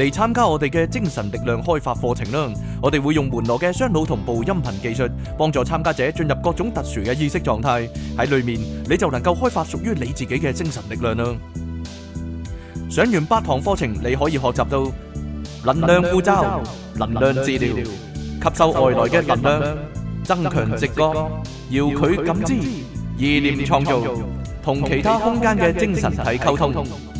嚟參加我哋嘅精神力量開發課程啦！我哋會用門羅嘅雙腦同步音頻技術，幫助參加者進入各種特殊嘅意識狀態。喺裡面你就能夠開發屬於你自己嘅精神力量啦！上完八堂課程，你可以學習到能量呼召、能量治療、吸收外來嘅能量、增強直覺、遙距感知、意念創造、同其他空間嘅精神體溝通。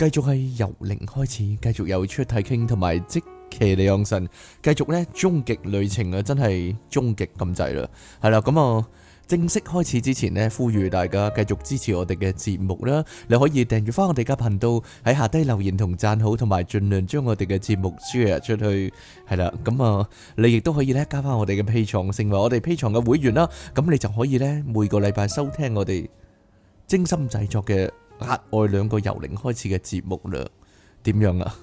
繼續係有零開始，繼續有出太傾同埋即騎李昂臣，繼續咧終極旅程啊！真係終極咁滯啦，係啦咁啊！正式開始之前咧，呼籲大家繼續支持我哋嘅節目啦！你可以訂閱翻我哋嘅頻道，喺下低留言同讚好，同埋盡量將我哋嘅節目 share 出去，係啦咁啊！你亦都可以咧加翻我哋嘅 Patreon，成為我哋 Patreon 嘅會員啦！咁你就可以咧每個禮拜收聽我哋精心製作嘅額外兩個由零開始嘅節目量，點樣啊？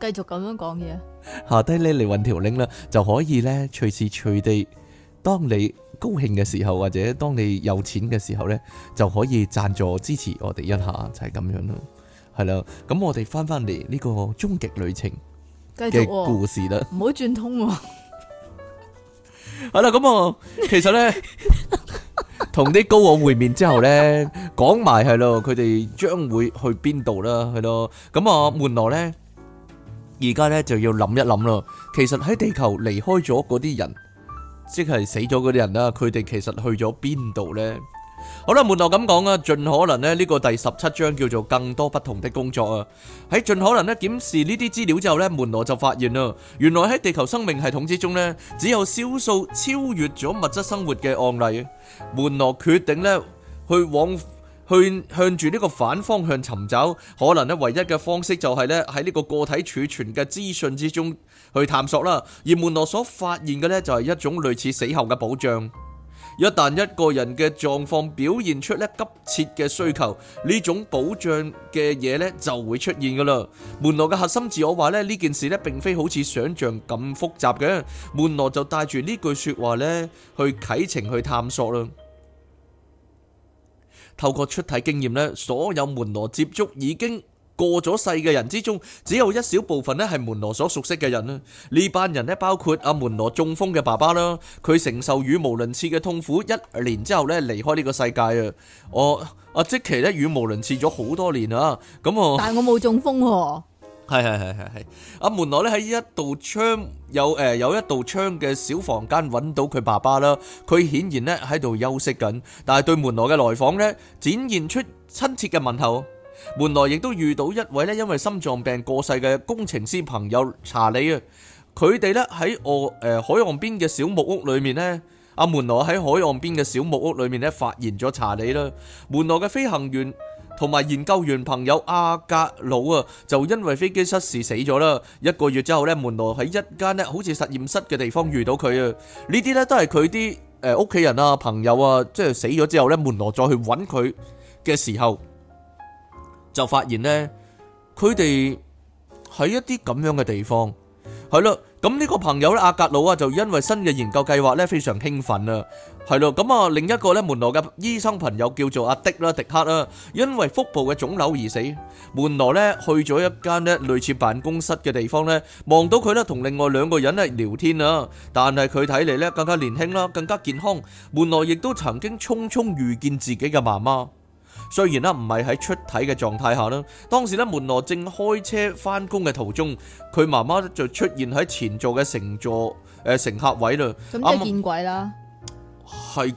繼續咁樣講嘢，下低咧嚟揾條鈴啦，就可以咧隨時隨地。當你高興嘅時候，或者當你有錢嘅時候咧，就可以讚助支持我哋一下，就係、是、咁樣咯。係啦，咁我哋翻翻嚟呢個終極旅程嘅故事啦，唔好、哦、轉通、哦。係啦，咁啊，其實咧。 同啲高我會面之後咧，講埋係咯，佢哋將會去邊度啦，係咯。咁啊，門羅咧，而家咧就要諗一諗咯。其實喺地球離開咗嗰啲人，即係死咗嗰啲人啦，佢哋其實去咗邊度咧？好啦，門羅咁講啊，盡可能呢，呢個第十七章叫做更多不同的工作啊。喺盡可能呢檢視呢啲資料之後呢，門羅就發現啦，原來喺地球生命系統之中呢，只有少數超越咗物質生活嘅案例。門羅決定呢，去往去向住呢個反方向尋找。可能呢，唯一嘅方式就係呢，喺呢個個體儲存嘅資訊之中去探索啦。而門羅所發現嘅呢，就係一種類似死後嘅保障。一旦一個人嘅狀況表現出咧急切嘅需求，呢種保障嘅嘢咧就會出現噶啦。門羅嘅核心自我話咧呢件事咧並非好似想象咁複雜嘅，門羅就帶住呢句說話咧去啟程去探索啦。透過出體經驗咧，所有門羅接觸已經。過咗世嘅人之中，只有一小部分咧係門羅所熟悉嘅人啦。呢班人咧包括阿、啊、門羅中風嘅爸爸啦，佢承受語無倫次嘅痛苦，一年之後咧離開呢個世界。哦、啊，啊。我阿即奇咧語無倫次咗好多年啊，咁啊，但係我冇中風喎。係係係係係，阿門羅咧喺一道窗有誒、呃、有一道窗嘅小房間揾到佢爸爸啦。佢顯然咧喺度休息緊，但係對門羅嘅來訪呢，展現出親切嘅問候。門羅亦都遇到一位咧，因為心臟病過世嘅工程師朋友查理啊。佢哋咧喺我誒、呃、海岸邊嘅小木屋裏面咧，阿、啊、門羅喺海岸邊嘅小木屋裏面咧發現咗查理啦。門羅嘅飛行員同埋研究員朋友阿格魯啊，就因為飛機失事死咗啦。一個月之後咧，門羅喺一間咧好似實驗室嘅地方遇到佢、呃、啊。呢啲咧都係佢啲誒屋企人啊朋友啊，即、就、係、是、死咗之後咧，門羅再去揾佢嘅時候。就發現咧，佢哋喺一啲咁樣嘅地方，係咯。咁呢個朋友咧，阿格魯啊，就因為新嘅研究計劃咧，非常興奮啊。係咯，咁啊，另一個咧，門羅嘅醫生朋友叫做阿迪啦，迪克啦，因為腹部嘅腫瘤而死。門羅咧去咗一間咧類似辦公室嘅地方咧，望到佢咧同另外兩個人咧聊天啊，但係佢睇嚟咧更加年輕啦，更加健康。門羅亦都曾經匆匆遇見自己嘅媽媽。雖然咧唔係喺出體嘅狀態下啦，當時咧門羅正開車返工嘅途中，佢媽媽就出現喺前座嘅乘坐誒乘客位啦。咁都、嗯、即係見鬼啦，係啩？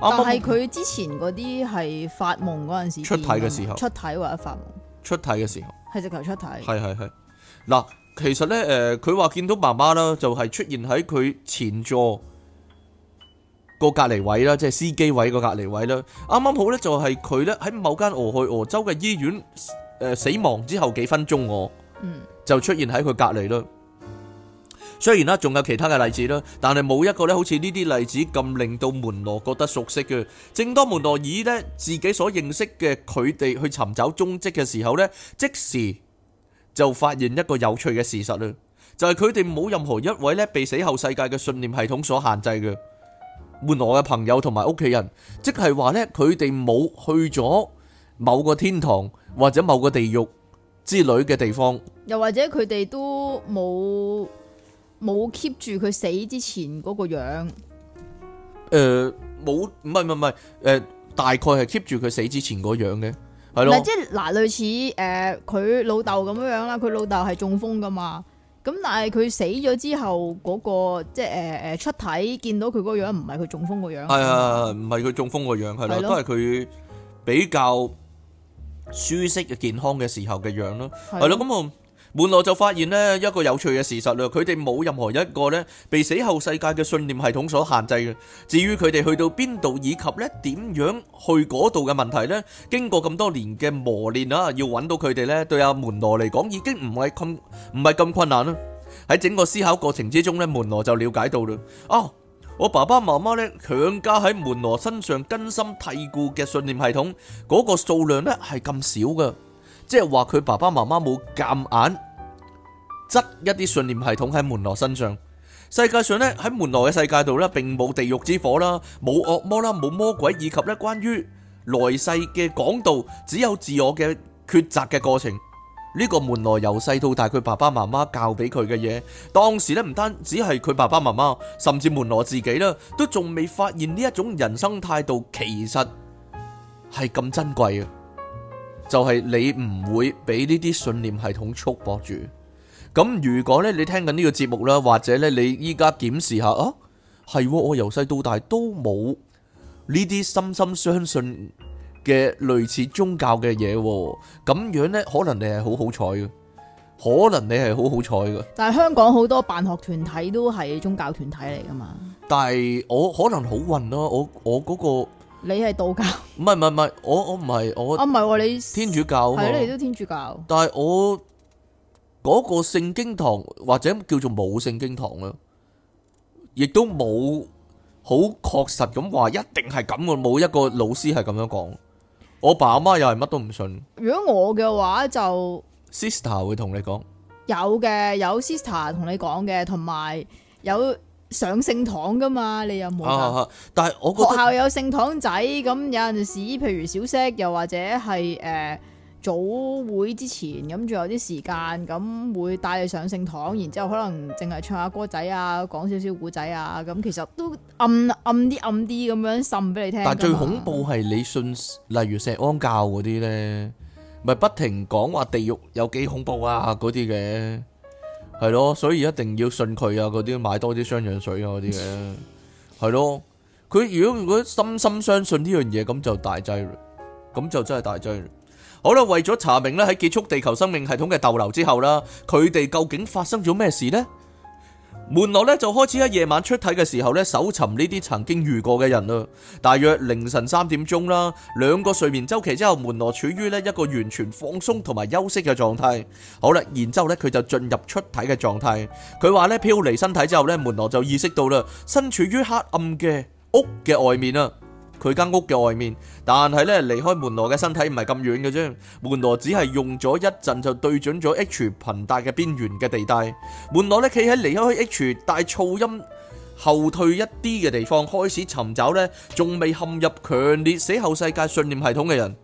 剛剛但係佢之前嗰啲係發夢嗰陣時，出體嘅時候，出體或者發夢，出體嘅時候，係直頭出體。係係係嗱，其實咧誒，佢話見到媽媽啦，就係出現喺佢前座。個隔離位啦，即係司機位個隔離位啦。啱啱好咧，就係佢咧喺某間俄亥俄州嘅醫院誒死亡之後幾分鐘，我就出現喺佢隔籬啦。雖然啦，仲有其他嘅例子啦，但係冇一個咧好似呢啲例子咁令到門羅覺得熟悉嘅。正當門羅以咧自己所認識嘅佢哋去尋找蹤跡嘅時候咧，即時就發現一個有趣嘅事實啊，就係佢哋冇任何一位咧被死後世界嘅信念系統所限制嘅。換我嘅朋友同埋屋企人，即係話咧，佢哋冇去咗某個天堂或者某個地獄之類嘅地方，又或者佢哋都冇冇 keep 住佢死之前嗰個樣。誒、呃，冇唔係唔係唔係，誒、呃，大概係 keep 住佢死之前嗰樣嘅，係咯。嗱，即係嗱，類似誒，佢、呃、老豆咁樣啦，佢老豆係中風噶嘛。咁但係佢死咗之後嗰、嗰個即係誒誒出體見到佢嗰樣唔係佢中風個樣，係 啊，唔係佢中風個樣，係咯、啊啊，都係佢比較舒適嘅健康嘅時候嘅樣咯，係咯、啊，咁我、啊。門羅就發現咧一個有趣嘅事實咯，佢哋冇任何一個咧被死後世界嘅信念系統所限制嘅。至於佢哋去到邊度以及咧點樣去嗰度嘅問題咧，經過咁多年嘅磨練啦，要揾到佢哋咧，對阿門羅嚟講已經唔係咁唔係咁困難啦。喺整個思考過程之中咧，門羅就了解到啦，啊，我爸爸媽媽咧強加喺門羅身上根深蒂固嘅信念系統嗰個數量咧係咁少噶。即係話佢爸爸媽媽冇夾硬執一啲信念系統喺門羅身上。世界上咧喺門羅嘅世界度呢，並冇地獄之火啦，冇惡魔啦，冇魔鬼，以及呢關於來世嘅講道，只有自我嘅抉擇嘅過程。呢、這個門羅由細到大，佢爸爸媽媽教俾佢嘅嘢，當時呢，唔單止係佢爸爸媽媽，甚至門羅自己啦，都仲未發現呢一種人生態度，其實係咁珍貴嘅。就係你唔會俾呢啲信念系統束縛住。咁如果咧，你聽緊呢個節目啦，或者咧，你依家檢視下啊，係我由細到大都冇呢啲深深相信嘅類似宗教嘅嘢。咁樣呢，可能你係好好彩嘅，可能你係好好彩嘅。但係香港好多辦學團體都係宗教團體嚟噶嘛？但係我可能好運咯，啊，我我嗰、嗰個。你係道教？唔係唔係唔係，我我唔係我。啊唔係、啊，你天主教係、啊、你都天主教。但係我嗰、嗰個聖經堂或者叫做冇聖經堂啦，亦都冇好確實咁話，一定係咁個冇一個老師係咁樣講。我爸阿媽又係乜都唔信。如果我嘅話就 sister 會同你講有嘅，有 sister 同你講嘅，同埋有,有。上聖堂噶嘛？你有冇、啊、但係我覺得學校有聖堂仔咁，有陣時譬如小息，又或者係誒早會之前咁，仲有啲時間咁，會帶你上聖堂，然之後可能淨係唱下歌仔啊，講少少故仔啊，咁其實都暗暗啲暗啲咁樣滲俾你聽。但係最恐怖係你信，例如錫安教嗰啲咧，咪不停講話地獄有幾恐怖啊嗰啲嘅。係咯，所以一定要信佢啊！嗰啲買多啲雙氧水啊，嗰啲嘅係咯，佢 如果如果深深相信呢樣嘢，咁就大劑啦，咁就真係大劑啦。好啦，為咗查明咧喺結束地球生命系統嘅逗留之後啦，佢哋究竟發生咗咩事咧？門羅咧就開始喺夜晚出體嘅時候咧搜尋呢啲曾經遇過嘅人啦。大約凌晨三點鐘啦，兩個睡眠週期之後，門羅處於呢一個完全放鬆同埋休息嘅狀態。好啦，然之後咧佢就進入出體嘅狀態。佢話咧飄離身體之後咧，門羅就意識到啦，身處於黑暗嘅屋嘅外面啦。佢間屋嘅外面，但係咧離開門羅嘅身體唔係咁遠嘅啫。門羅只係用咗一陣就對準咗 H 頻帶嘅邊緣嘅地帶。門羅咧企喺離開 H 帶噪音後退一啲嘅地方，開始尋找咧仲未陷入強烈死後世界信念系統嘅人。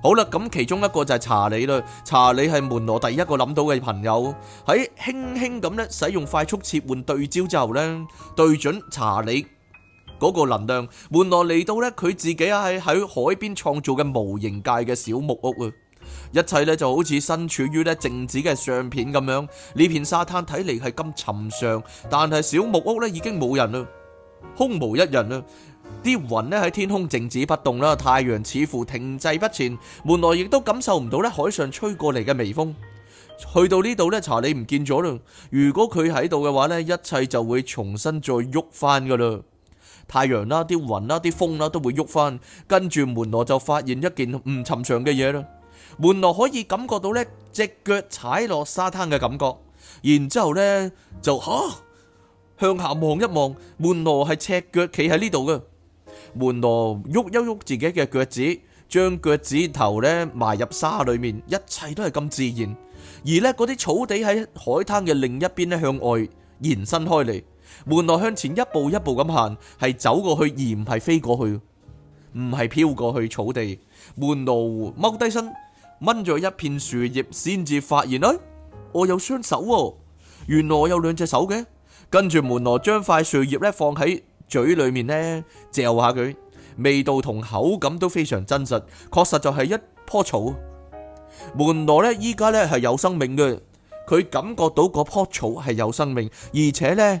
好啦，咁其中一個就係查理啦。查理係門羅第一個諗到嘅朋友，喺輕輕咁咧使用快速切換對焦之後咧，對準查理。嗰個能量門內嚟到呢，佢自己係喺海邊創造嘅模型界嘅小木屋啊，一切呢就好似身處於呢靜止嘅相片咁樣。呢片沙灘睇嚟係咁尋常，但係小木屋呢已經冇人啦，空無一人啦。啲雲呢喺天空靜止不動啦，太陽似乎停滯不前，門內亦都感受唔到呢海上吹過嚟嘅微風。去到呢度呢，查理唔見咗啦。如果佢喺度嘅話呢，一切就會重新再喐翻噶啦。太陽啦、啊、啲雲啦、啲風啦、啊、都會喐翻，跟住門羅就發現一件唔尋常嘅嘢啦。門羅可以感覺到呢隻腳踩落沙灘嘅感覺，然之後呢就吓、啊、向下望一望，門羅係赤腳企喺呢度嘅。門羅喐一喐自己嘅腳趾，將腳趾頭呢埋入沙裏面，一切都係咁自然。而呢嗰啲草地喺海灘嘅另一邊呢向外延伸開嚟。門羅向前一步一步咁行，係走過去而唔係飛過去，唔係飄過去草地。門羅踎低身，掹咗一片樹葉，先至發現啊、哎，我有雙手喎、哦！原來我有兩隻手嘅。跟住門羅將塊樹葉咧放喺嘴裏面呢，嚼下佢，味道同口感都非常真實，確實就係一棵草。門羅呢，依家呢係有生命嘅，佢感覺到嗰棵草係有生命，而且呢。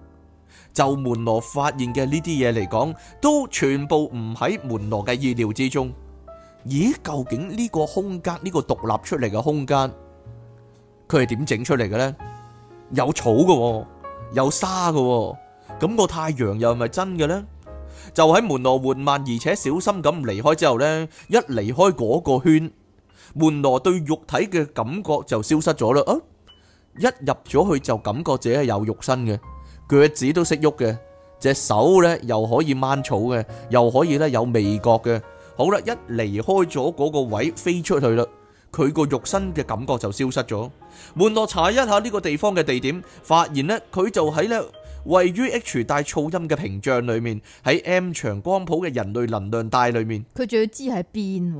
就門羅發現嘅呢啲嘢嚟講，都全部唔喺門羅嘅意料之中。咦？究竟呢個空間，呢個獨立出嚟嘅空間，佢係點整出嚟嘅呢？有草嘅喎，有沙嘅喎，咁個太陽又係咪真嘅呢？就喺門羅緩慢而且小心咁離開之後呢，一離開嗰個圈，門羅對肉體嘅感覺就消失咗啦。啊，一入咗去就感覺自己係有肉身嘅。佢嘅趾都識喐嘅，隻手咧又可以掹草嘅，又可以咧有味覺嘅。好啦，一離開咗嗰個位飛出去啦，佢個肉身嘅感覺就消失咗。門羅查一下呢個地方嘅地點，發現呢，佢就喺咧位於 H 帶噪音嘅屏障裏面，喺 M 長光譜嘅人類能量帶裏面。佢仲要知喺邊，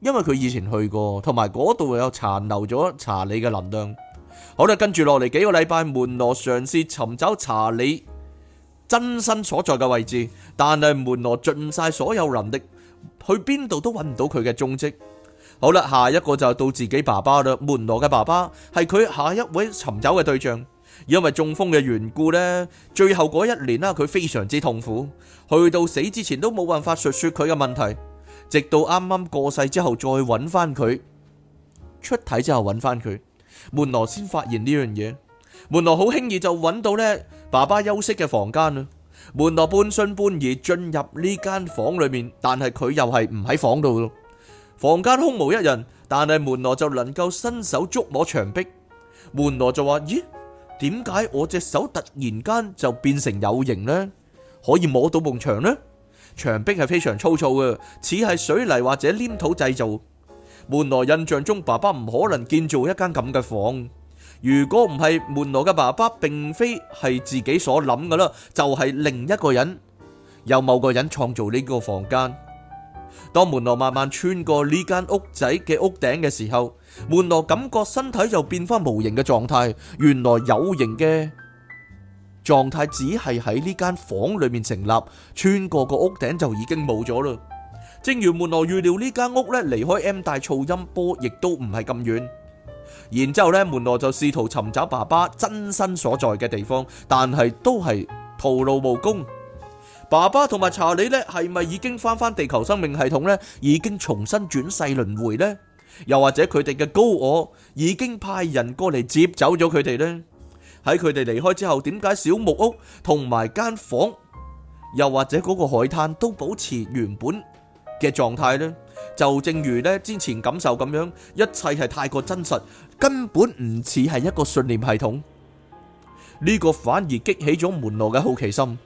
因為佢以前去過，同埋嗰度有殘留咗查理嘅能量。好啦，跟住落嚟幾個禮拜，門羅嘗試尋找查理真身所在嘅位置，但係門羅盡晒所有能力，去邊度都揾唔到佢嘅蹤跡。好啦，下一個就到自己爸爸啦。門羅嘅爸爸係佢下一位尋找嘅對象，因為中風嘅緣故呢，最後嗰一年啦，佢非常之痛苦，去到死之前都冇辦法述說佢嘅問題，直到啱啱過世之後再揾翻佢。出體之後揾翻佢。門羅先發現呢樣嘢，門羅好輕易就揾到呢爸爸休息嘅房間啦。門羅半信半疑進入呢間房間裏面，但係佢又係唔喺房度。房間空無一人，但係門羅就能夠伸手捉摸牆壁。門羅就話：咦，點解我隻手突然間就變成有形呢？可以摸到埲牆呢？牆壁係非常粗糙嘅，似係水泥或者黏土製造。門羅印象中，爸爸唔可能建造一間咁嘅房。如果唔係門羅嘅爸爸，並非係自己所諗噶啦，就係、是、另一個人，有某個人創造呢個房間。當門羅慢慢穿過呢間屋仔嘅屋頂嘅時候，門羅感覺身體就變翻無形嘅狀態。原來有形嘅狀態只係喺呢間房裏面成立，穿過個屋頂就已經冇咗啦。正如門羅預料，呢間屋呢，離開 M 大噪音波，亦都唔係咁遠。然之後呢，門羅就試圖尋找爸爸真身所在嘅地方，但係都係徒勞無功。爸爸同埋查理呢係咪已經返返地球生命系統呢？已經重新轉世輪迴呢？又或者佢哋嘅高我已經派人過嚟接走咗佢哋呢？喺佢哋離開之後，點解小木屋同埋間房，又或者嗰個海灘都保持原本嘅狀態呢，就正如呢之前感受咁樣，一切係太過真實，根本唔似係一個信念系統。呢個反而激起咗門羅嘅好奇心。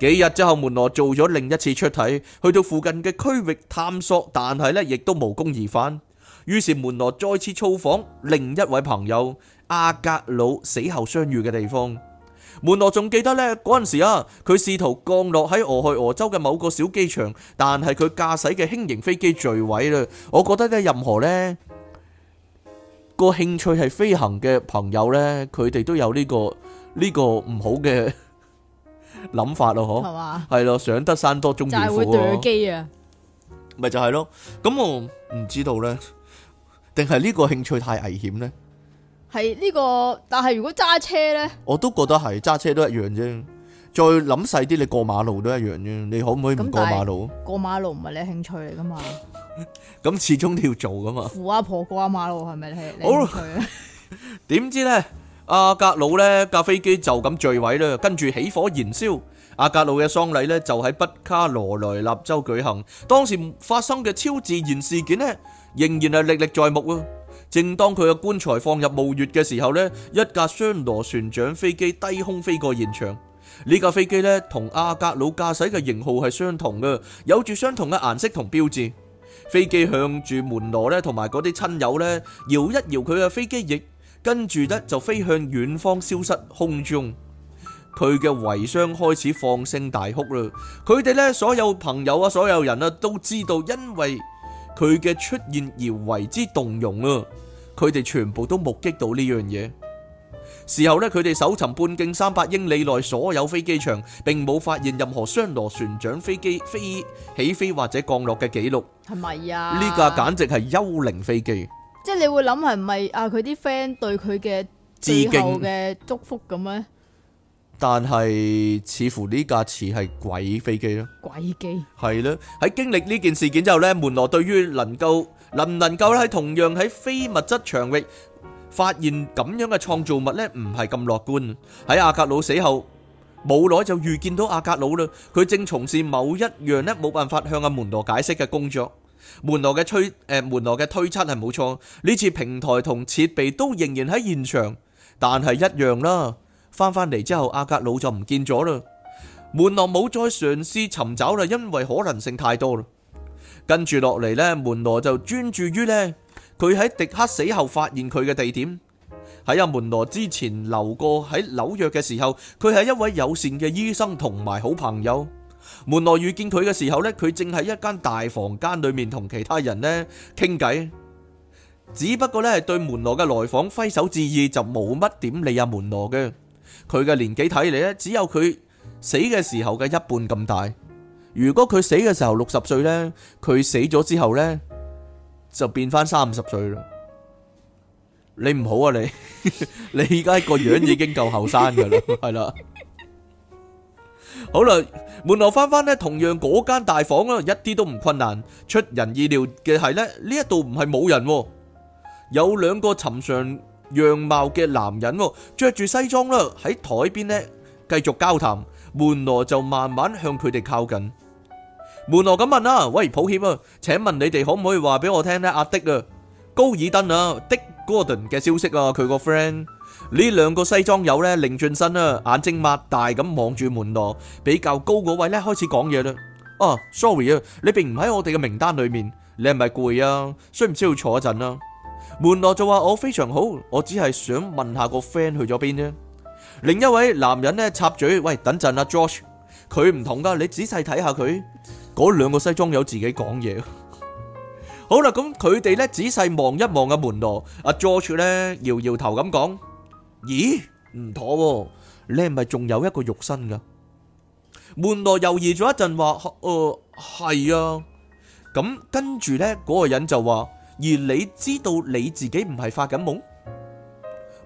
幾日之後，門羅做咗另一次出體，去到附近嘅區域探索，但係呢亦都無功而返。於是門羅再次造訪另一位朋友阿格魯死後相遇嘅地方。門羅仲記得咧嗰陣時啊，佢試圖降落喺俄亥俄州嘅某個小機場，但係佢駕駛嘅輕型飛機墜毀啦。我覺得咧，任何咧個興趣係飛行嘅朋友咧，佢哋都有呢個呢個唔好嘅諗法咯，嗬？係嘛？係咯，上得山多，終遇虎。就係會墜機啊！咪就係咯，咁我唔知道咧，定係呢個興趣太危險咧？係呢個，但係如果揸車咧，我都覺得係揸車都一樣啫。再諗細啲，你過馬路都一樣啫。你可唔可以唔過馬路？過馬路唔係你興趣嚟噶嘛？咁始終都要做噶嘛？扶阿婆過阿馬路係咪你興趣啊？點知咧，阿格魯咧架飛機就咁墜毀啦，跟住起火燃燒。阿格魯嘅喪禮咧就喺北卡羅來納州舉行。當時發生嘅超自然事件咧，仍然係歷歷在目啊！正當佢嘅棺材放入墓穴嘅時候咧，一架雙螺旋槳飛機低空飛過現場。呢架飛機咧同阿格魯駕駛嘅型號係相同嘅，有住相同嘅顏色同標誌。飛機向住門羅咧同埋嗰啲親友咧搖一搖佢嘅飛機翼，跟住咧就飛向遠方消失空中。佢嘅遺孀開始放聲大哭啦。佢哋咧所有朋友啊，所有人啊都知道，因為佢嘅出現而為之動容啊。佢哋全部都目擊到呢樣嘢。事後咧，佢哋搜尋半徑三百英里內所有飛機場，並冇發現任何雙螺旋槳飛機飛起飛或者降落嘅記錄。係咪啊？呢架簡直係幽靈飛機。即係你會諗係咪啊？佢啲 friend 對佢嘅致敬嘅祝福咁咧？但係似乎呢架似係鬼飛機咯，鬼機？係啦。喺經歷呢件事件之後咧，門羅對於能夠。能唔能夠喺同樣喺非物質場域發現咁樣嘅創造物呢？唔係咁樂觀。喺阿格魯死後，冇耐就遇見到阿格魯啦。佢正從事某一樣呢，冇辦法向阿門羅解釋嘅工作。門羅嘅推誒，門羅嘅推測係冇錯。呢次平台同設備都仍然喺現場，但係一樣啦。翻翻嚟之後，阿格魯就唔見咗啦。門羅冇再嘗試尋找啦，因為可能性太多啦。跟住落嚟呢，門羅就專注於呢。佢喺迪克死後發現佢嘅地點，喺阿門羅之前留過喺紐約嘅時候，佢係一位友善嘅醫生同埋好朋友。門羅遇見佢嘅時候呢，佢正喺一間大房間裏面同其他人呢傾偈，只不過呢，對門羅嘅來訪揮手致意就冇乜點理阿門羅嘅。佢嘅年紀睇嚟呢，只有佢死嘅時候嘅一半咁大。如果佢死嘅時候六十歲咧，佢死咗之後咧，就變翻三十歲啦。你唔好啊你，你而家個樣已經夠後生噶啦，係啦。好啦，門羅翻翻咧，同樣嗰間大房啦，一啲都唔困難。出人意料嘅係咧，呢一度唔係冇人，有兩個尋常樣貌嘅男人，着住西裝啦，喺台邊咧繼續交談。門羅就慢慢向佢哋靠近。門羅咁問啊，喂，抱歉啊，請問你哋可唔可以話俾我聽咧？阿的啊，高爾登啊，的戈登嘅消息啊，佢個 friend 呢兩個西裝友咧，擰轉身啦，眼睛擘大咁望住門羅，比較高嗰位咧開始講嘢啦。啊，sorry 啊，你並唔喺我哋嘅名單裏面，你係咪攰啊？需唔需要坐一陣啊？門羅就話我非常好，我只係想問下個 friend 去咗邊啫。另一位男人咧插嘴，喂，等陣啊，George，佢唔同噶，你仔細睇下佢。嗰兩個西裝友自己講嘢， 好啦，咁佢哋咧仔細望一望阿門羅，阿 George 咧搖搖頭咁講：咦，唔妥，啊，你係咪仲有一個肉身噶？門羅猶豫咗一陣，話：誒、呃，係啊。咁跟住咧，嗰個人就話：而你知道你自己唔係發緊夢？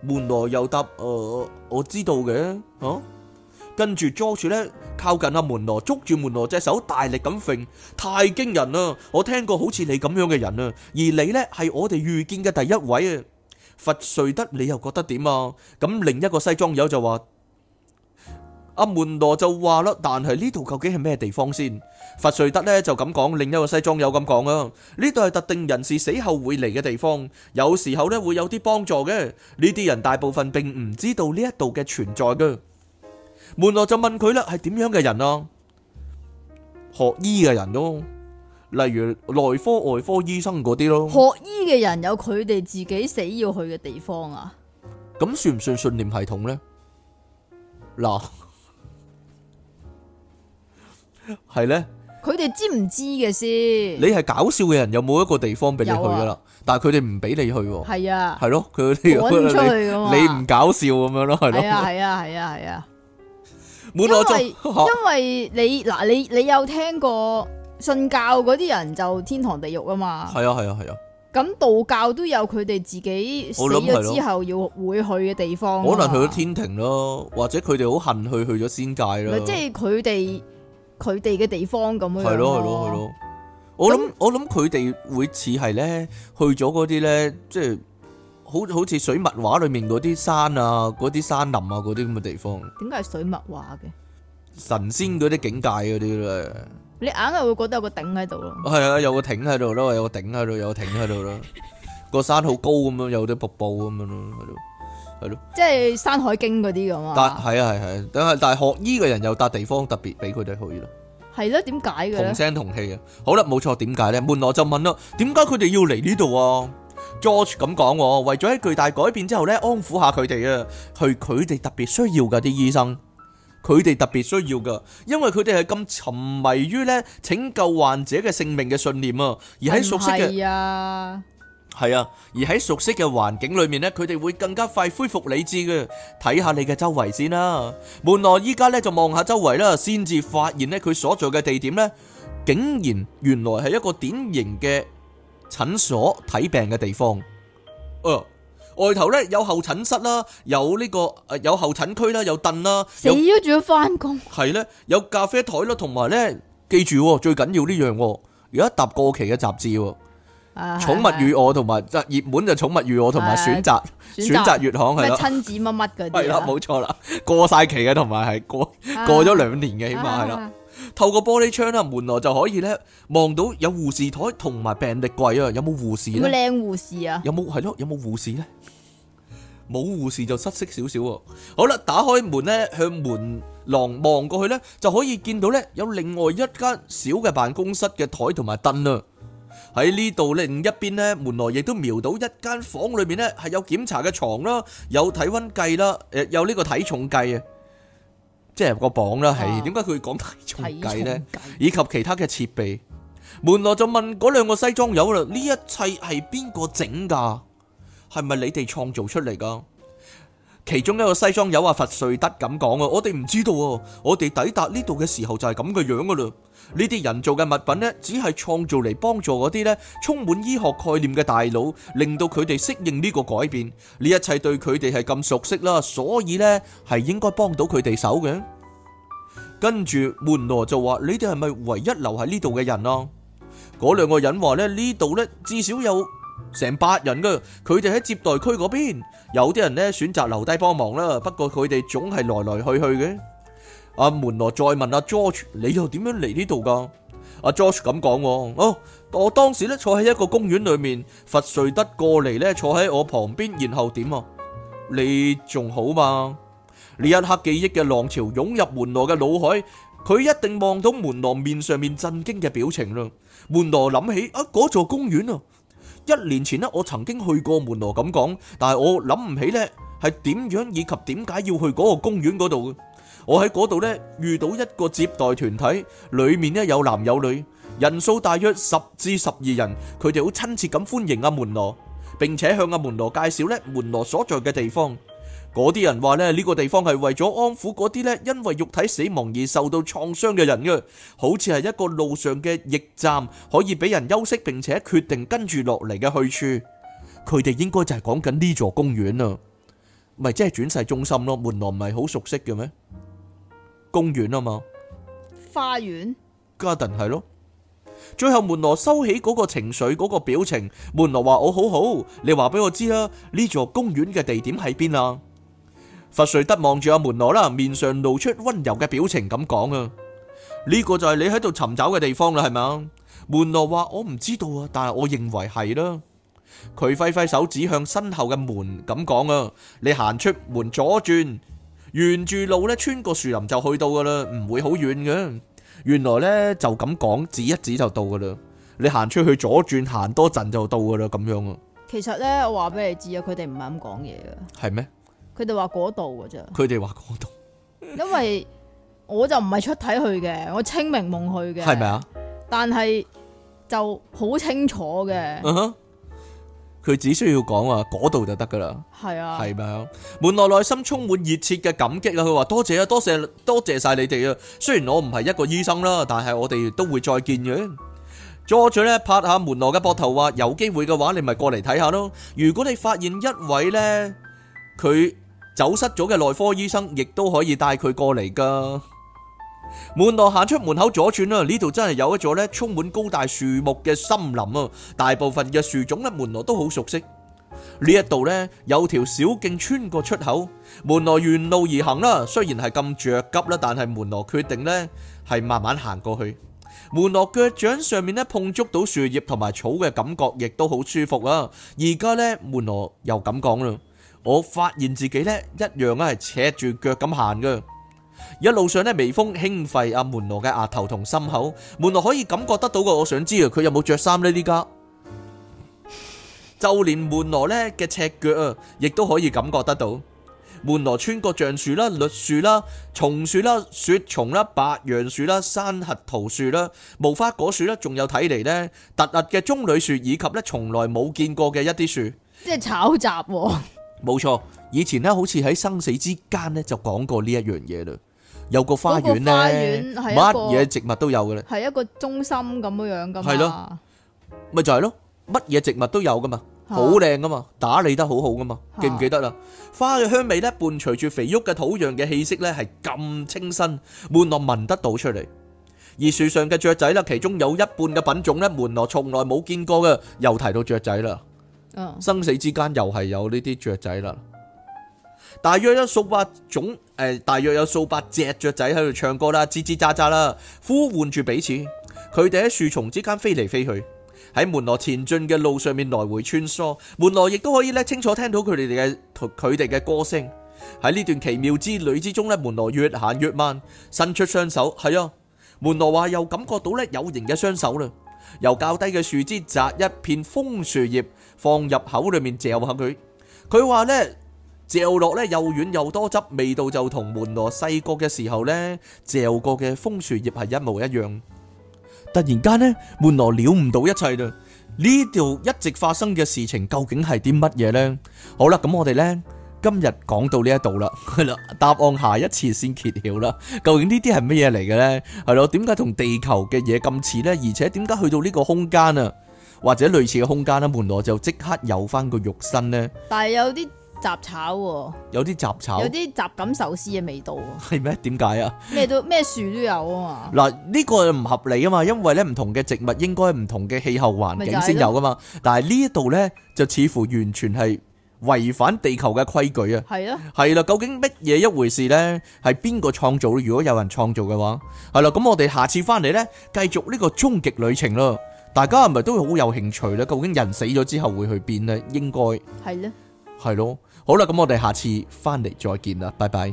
門羅又答：誒、呃，我知道嘅，啊。跟住捉住咧，靠近阿門羅，捉住門羅隻手，大力咁揈，太驚人啦！我聽過好似你咁樣嘅人啊，而你咧係我哋遇見嘅第一位啊！佛瑞德，你又覺得點啊？咁另一個西裝友就話：阿門羅就話啦，但係呢度究竟係咩地方先？佛瑞德咧就咁講，另一個西裝友咁講啊，呢度係特定人士死後會嚟嘅地方，有時候咧會有啲幫助嘅。呢啲人大部分並唔知道呢一度嘅存在㗎。門羅就問佢啦，係點樣嘅人啊？學醫嘅人咯，例如內科、外科醫生嗰啲咯。學醫嘅人有佢哋自己死要去嘅地方啊？咁算唔算信念系統咧？嗱，係 咧 呢。佢哋知唔知嘅先？你係搞笑嘅人，有冇一個地方俾你去噶啦？啊、但係佢哋唔俾你去。係啊。係咯，佢哋趕出去噶嘛。你唔搞笑咁樣咯？係啊，係啊，係啊，係啊。 因為 因為你嗱你你，你有聽過信教嗰啲人就天堂地獄啊嘛，係啊係啊係啊。咁、啊啊、道教都有佢哋自己死咗之後要會去嘅地方，啊，啊、可能去咗天庭咯，或者佢哋好恨去去咗仙界咯。即係佢哋佢哋嘅地方咁樣係咯，啊啊啊啊。我諗那我諗佢哋會似係咧去咗嗰啲咧，即係。好好似水墨畫裏面嗰啲山啊，嗰啲山林啊，嗰啲咁嘅地方。點解係水墨畫嘅？神仙嗰啲境界嗰啲咧。你硬係會覺得有個頂喺度咯。係啊，有個頂喺度啦，有個頂喺度，有個頂喺度啦。個 山好高咁樣，有啲瀑布咁樣咯，係咯、啊。即係山海經嗰啲咁啊。係啊係係，但係但係學醫嘅人又搭地方特別俾佢哋去啦。係咯，點解嘅？同聲同氣啊。同同氣好啦，冇錯，點解咧？門羅就問啦，點解佢哋要嚟呢度啊？George 咁講，為咗喺巨大改變之後咧，安撫下佢哋啊，係佢哋特別需要嘅啲醫生，佢哋特別需要噶，因為佢哋係咁沉迷於咧拯救患者嘅性命嘅信念啊，而喺熟悉嘅係啊，而喺熟悉嘅環境裏面咧，佢哋會更加快恢復理智嘅。睇下你嘅周圍先啦，門羅依家咧就望下周圍啦，先至發現咧佢所在嘅地點咧，竟然原來係一個典型嘅。診所睇病嘅地方。誒，外頭咧有候診室啦，有呢個誒有候診區啦，有凳啦，死咗仲要翻工，係咧有咖啡台啦，同埋咧記住最緊要呢樣，有一沓過期嘅雜誌，寵物與我同埋即熱門就寵物與我同埋選擇選擇月刊係啦，親子乜乜嗰啲係啦，冇錯啦，過晒期嘅同埋係過過咗兩年嘅起碼係啦。透過玻璃窗啦，門內就可以咧望到有護士台同埋病歷櫃啊，有冇護士咧？有冇靚護士啊？有冇係咯？有冇護士咧？冇護士就失色少少喎。好啦，打開門咧，向門廊望過去咧，就可以見到咧有另外一間小嘅辦公室嘅台同埋燈啦。喺呢度另一邊咧，門內亦都瞄到一間房裏面咧係有檢查嘅床啦，有體溫計啦，誒，有呢個體重計啊。即係入個榜啦，係點解佢講體重計呢？以及其他嘅設備，門羅就問嗰兩個西裝友啦，呢一切係邊個整噶？係咪你哋創造出嚟噶？其中一個西裝友阿佛瑞德咁講啊，我哋唔知道啊，我哋抵達呢度嘅時候就係咁嘅樣噶啦。呢啲人造嘅物品呢，只係創造嚟，幫助嗰啲呢充滿醫學概念嘅大佬，令到佢哋適應呢個改變。呢一切對佢哋係咁熟悉啦，所以呢係應該幫到佢哋手嘅。跟住門羅就話：你哋係咪唯一留喺呢度嘅人啊？嗰兩個人話呢：呢度呢，至少有。成百人噶，佢哋喺接待區嗰邊，有啲人呢選擇留低幫忙啦。不過佢哋總係來來去去嘅。阿、啊、門羅再問阿、啊、George，你又點樣嚟呢度噶？阿、啊、George 咁講我，哦，我當時呢坐喺一個公園裏面，佛瑞德過嚟呢坐喺我旁邊，然後點啊？你仲好嘛？呢一刻記憶嘅浪潮湧入門羅嘅腦海，佢一定望到門羅面上面震驚嘅表情啦。門羅諗起啊，嗰座公園啊。一年前咧，我曾經去過門羅咁講，但係我諗唔起呢係點樣以及點解要去嗰個公園嗰度。我喺嗰度咧遇到一個接待團體，裏面咧有男有女，人數大約十至十二人，佢哋好親切咁歡迎阿門羅，並且向阿門羅介紹咧門羅所在嘅地方。嗰啲人話呢，呢個地方係為咗安撫嗰啲呢，因為肉體死亡而受到創傷嘅人嘅，好似係一個路上嘅驛站，可以俾人休息，並且決定跟住落嚟嘅去處。佢哋應該就係講緊呢座公園啊，咪即係轉世中心咯。門羅唔係好熟悉嘅咩？公園啊嘛，花園，garden 係咯。最後門羅收起嗰個情緒，嗰個表情。門羅話：我好好，你話俾我知啊。呢座公園嘅地點喺邊啊？佛瑞德望住阿門羅啦，面上露出溫柔嘅表情，咁講啊，呢個就係你喺度尋找嘅地方啦，係咪？門羅話：我唔知道啊，但係我認為係啦。佢揮揮手指向身後嘅門，咁講啊，你行出門左轉，沿住路咧穿過樹林就去到噶啦，唔會好遠嘅。原來咧就咁講，指一指就到噶啦。你行出去左轉，行多陣就到噶啦，咁樣啊。其實咧，我話俾你知啊，佢哋唔係咁講嘢啊，係咩？佢哋話嗰度噶啫，佢哋話嗰度，因為我就唔係出體去嘅，我清明夢去嘅，係咪啊？但係就好清楚嘅，嗯哼，佢只需要講話嗰度就得噶啦，係啊，係咪啊？門內內心充滿熱切嘅感激啊！佢話多謝啊，多謝，多謝晒你哋啊！雖然我唔係一個醫生啦，但係我哋都會再見嘅。助手咧拍下門內嘅膊頭，話有機會嘅話，你咪過嚟睇下咯。如果你發現一位咧，佢。走失咗嘅內科醫生亦都可以帶佢過嚟㗎。門羅行出門口左轉啦，呢度真係有一座咧充滿高大樹木嘅森林啊！大部分嘅樹種咧，門羅都好熟悉。呢一度呢有條小徑穿過出口，門羅沿路而行啦。雖然係咁着急啦，但係門羅決定呢係慢慢行過去。門羅腳掌上面呢碰觸到樹葉同埋草嘅感覺亦都好舒服啊！而家呢，門羅又咁講啦。我發現自己咧一樣啊，係扯住腳咁行噶。一路上咧，微風輕拂阿門羅嘅額頭同心口，門羅可以感覺得到嘅。我想知啊，佢有冇着衫呢？呢家 就連門羅呢嘅赤腳啊，亦都可以感覺得到。門羅穿過橡樹啦、栗樹啦、松樹啦、雪松啦、白楊樹啦、山核桃樹啦、無花果樹啦，仲有睇嚟呢突兀嘅棕櫚樹，以及呢從來冇見過嘅一啲樹。即係炒雜、哦。冇錯，以前咧好似喺生死之間咧就講過呢一樣嘢啦，有個花園咧，花園，乜嘢植物都有嘅咧，係一個中心咁樣樣噶嘛，係咯，咪就係咯，乜嘢植物都有噶嘛，好靚噶嘛，打理得好好噶嘛，記唔記得啦？花嘅香味咧伴隨住肥沃嘅土壤嘅氣息咧係咁清新，門羅聞得到出嚟，而樹上嘅雀仔啦，其中有一半嘅品種咧，門羅從來冇見過嘅，又提到雀仔啦。生死之間又係有呢啲雀仔啦，大約有數百種誒，大約有數百隻雀仔喺度唱歌啦，吱吱喳喳啦，呼喚住彼此。佢哋喺樹叢之間飛嚟飛去，喺門羅前進嘅路上面來回穿梭。門羅亦都可以咧清楚聽到佢哋嘅佢哋嘅歌聲喺呢段奇妙之旅之中咧。門羅越行越慢，伸出雙手，係啊，門羅話又感覺到咧有形嘅雙手啦，由較低嘅樹枝摘一片楓樹葉。放入口裏面嚼下佢，佢話咧嚼落咧又軟又多汁，味道就同門羅細個嘅時候咧嚼過嘅楓樹葉係一模一樣。突然間咧，門羅料唔到一切啦！呢度一直發生嘅事情究竟係啲乜嘢咧？好啦，咁我哋咧今日講到呢一度啦，係啦，答案下一次先揭曉啦。究竟呢啲係乜嘢嚟嘅咧？係咯，點解同地球嘅嘢咁似咧？而且點解去到呢個空間啊？或者類似嘅空間咧，門羅就即刻有翻個肉身咧。但係有啲雜炒，有啲雜炒，有啲雜錦壽司嘅味道。係咩？點解啊？咩都咩樹都有啊嘛。嗱，呢個唔合理啊嘛，因為咧唔同嘅植物應該唔同嘅氣候環境先有噶嘛。但係呢一度咧就似乎完全係違反地球嘅規矩啊。係啊。係啦，究竟乜嘢一回事咧？係邊個創造咧？如果有人創造嘅話，係啦。咁我哋下次翻嚟咧，繼續呢個終極旅程咯。大家係咪都好有興趣咧？究竟人死咗之後會去邊呢？應該係咧，係咯呢。好啦，咁我哋下次翻嚟再見啦，拜拜。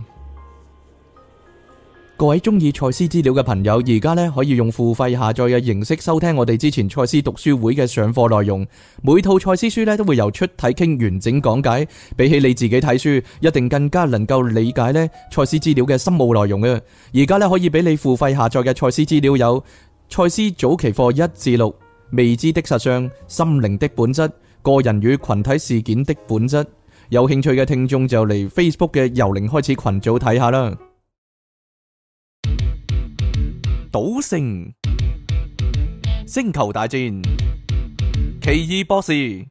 各位中意賽斯資料嘅朋友，而家呢可以用付費下載嘅形式收聽我哋之前賽斯讀書會嘅上課內容。每套賽斯書呢都會由出體傾完整講解，比起你自己睇書，一定更加能夠理解呢賽斯資料嘅深奧內容嘅。而家呢可以俾你付費下載嘅賽斯資料有賽斯早期課一至六。6, 未知的實相、心靈的本質、個人與群體事件的本質。有興趣嘅聽眾就嚟 Facebook 嘅由零開始群組睇下啦。賭聖、星球大戰、奇異博士，你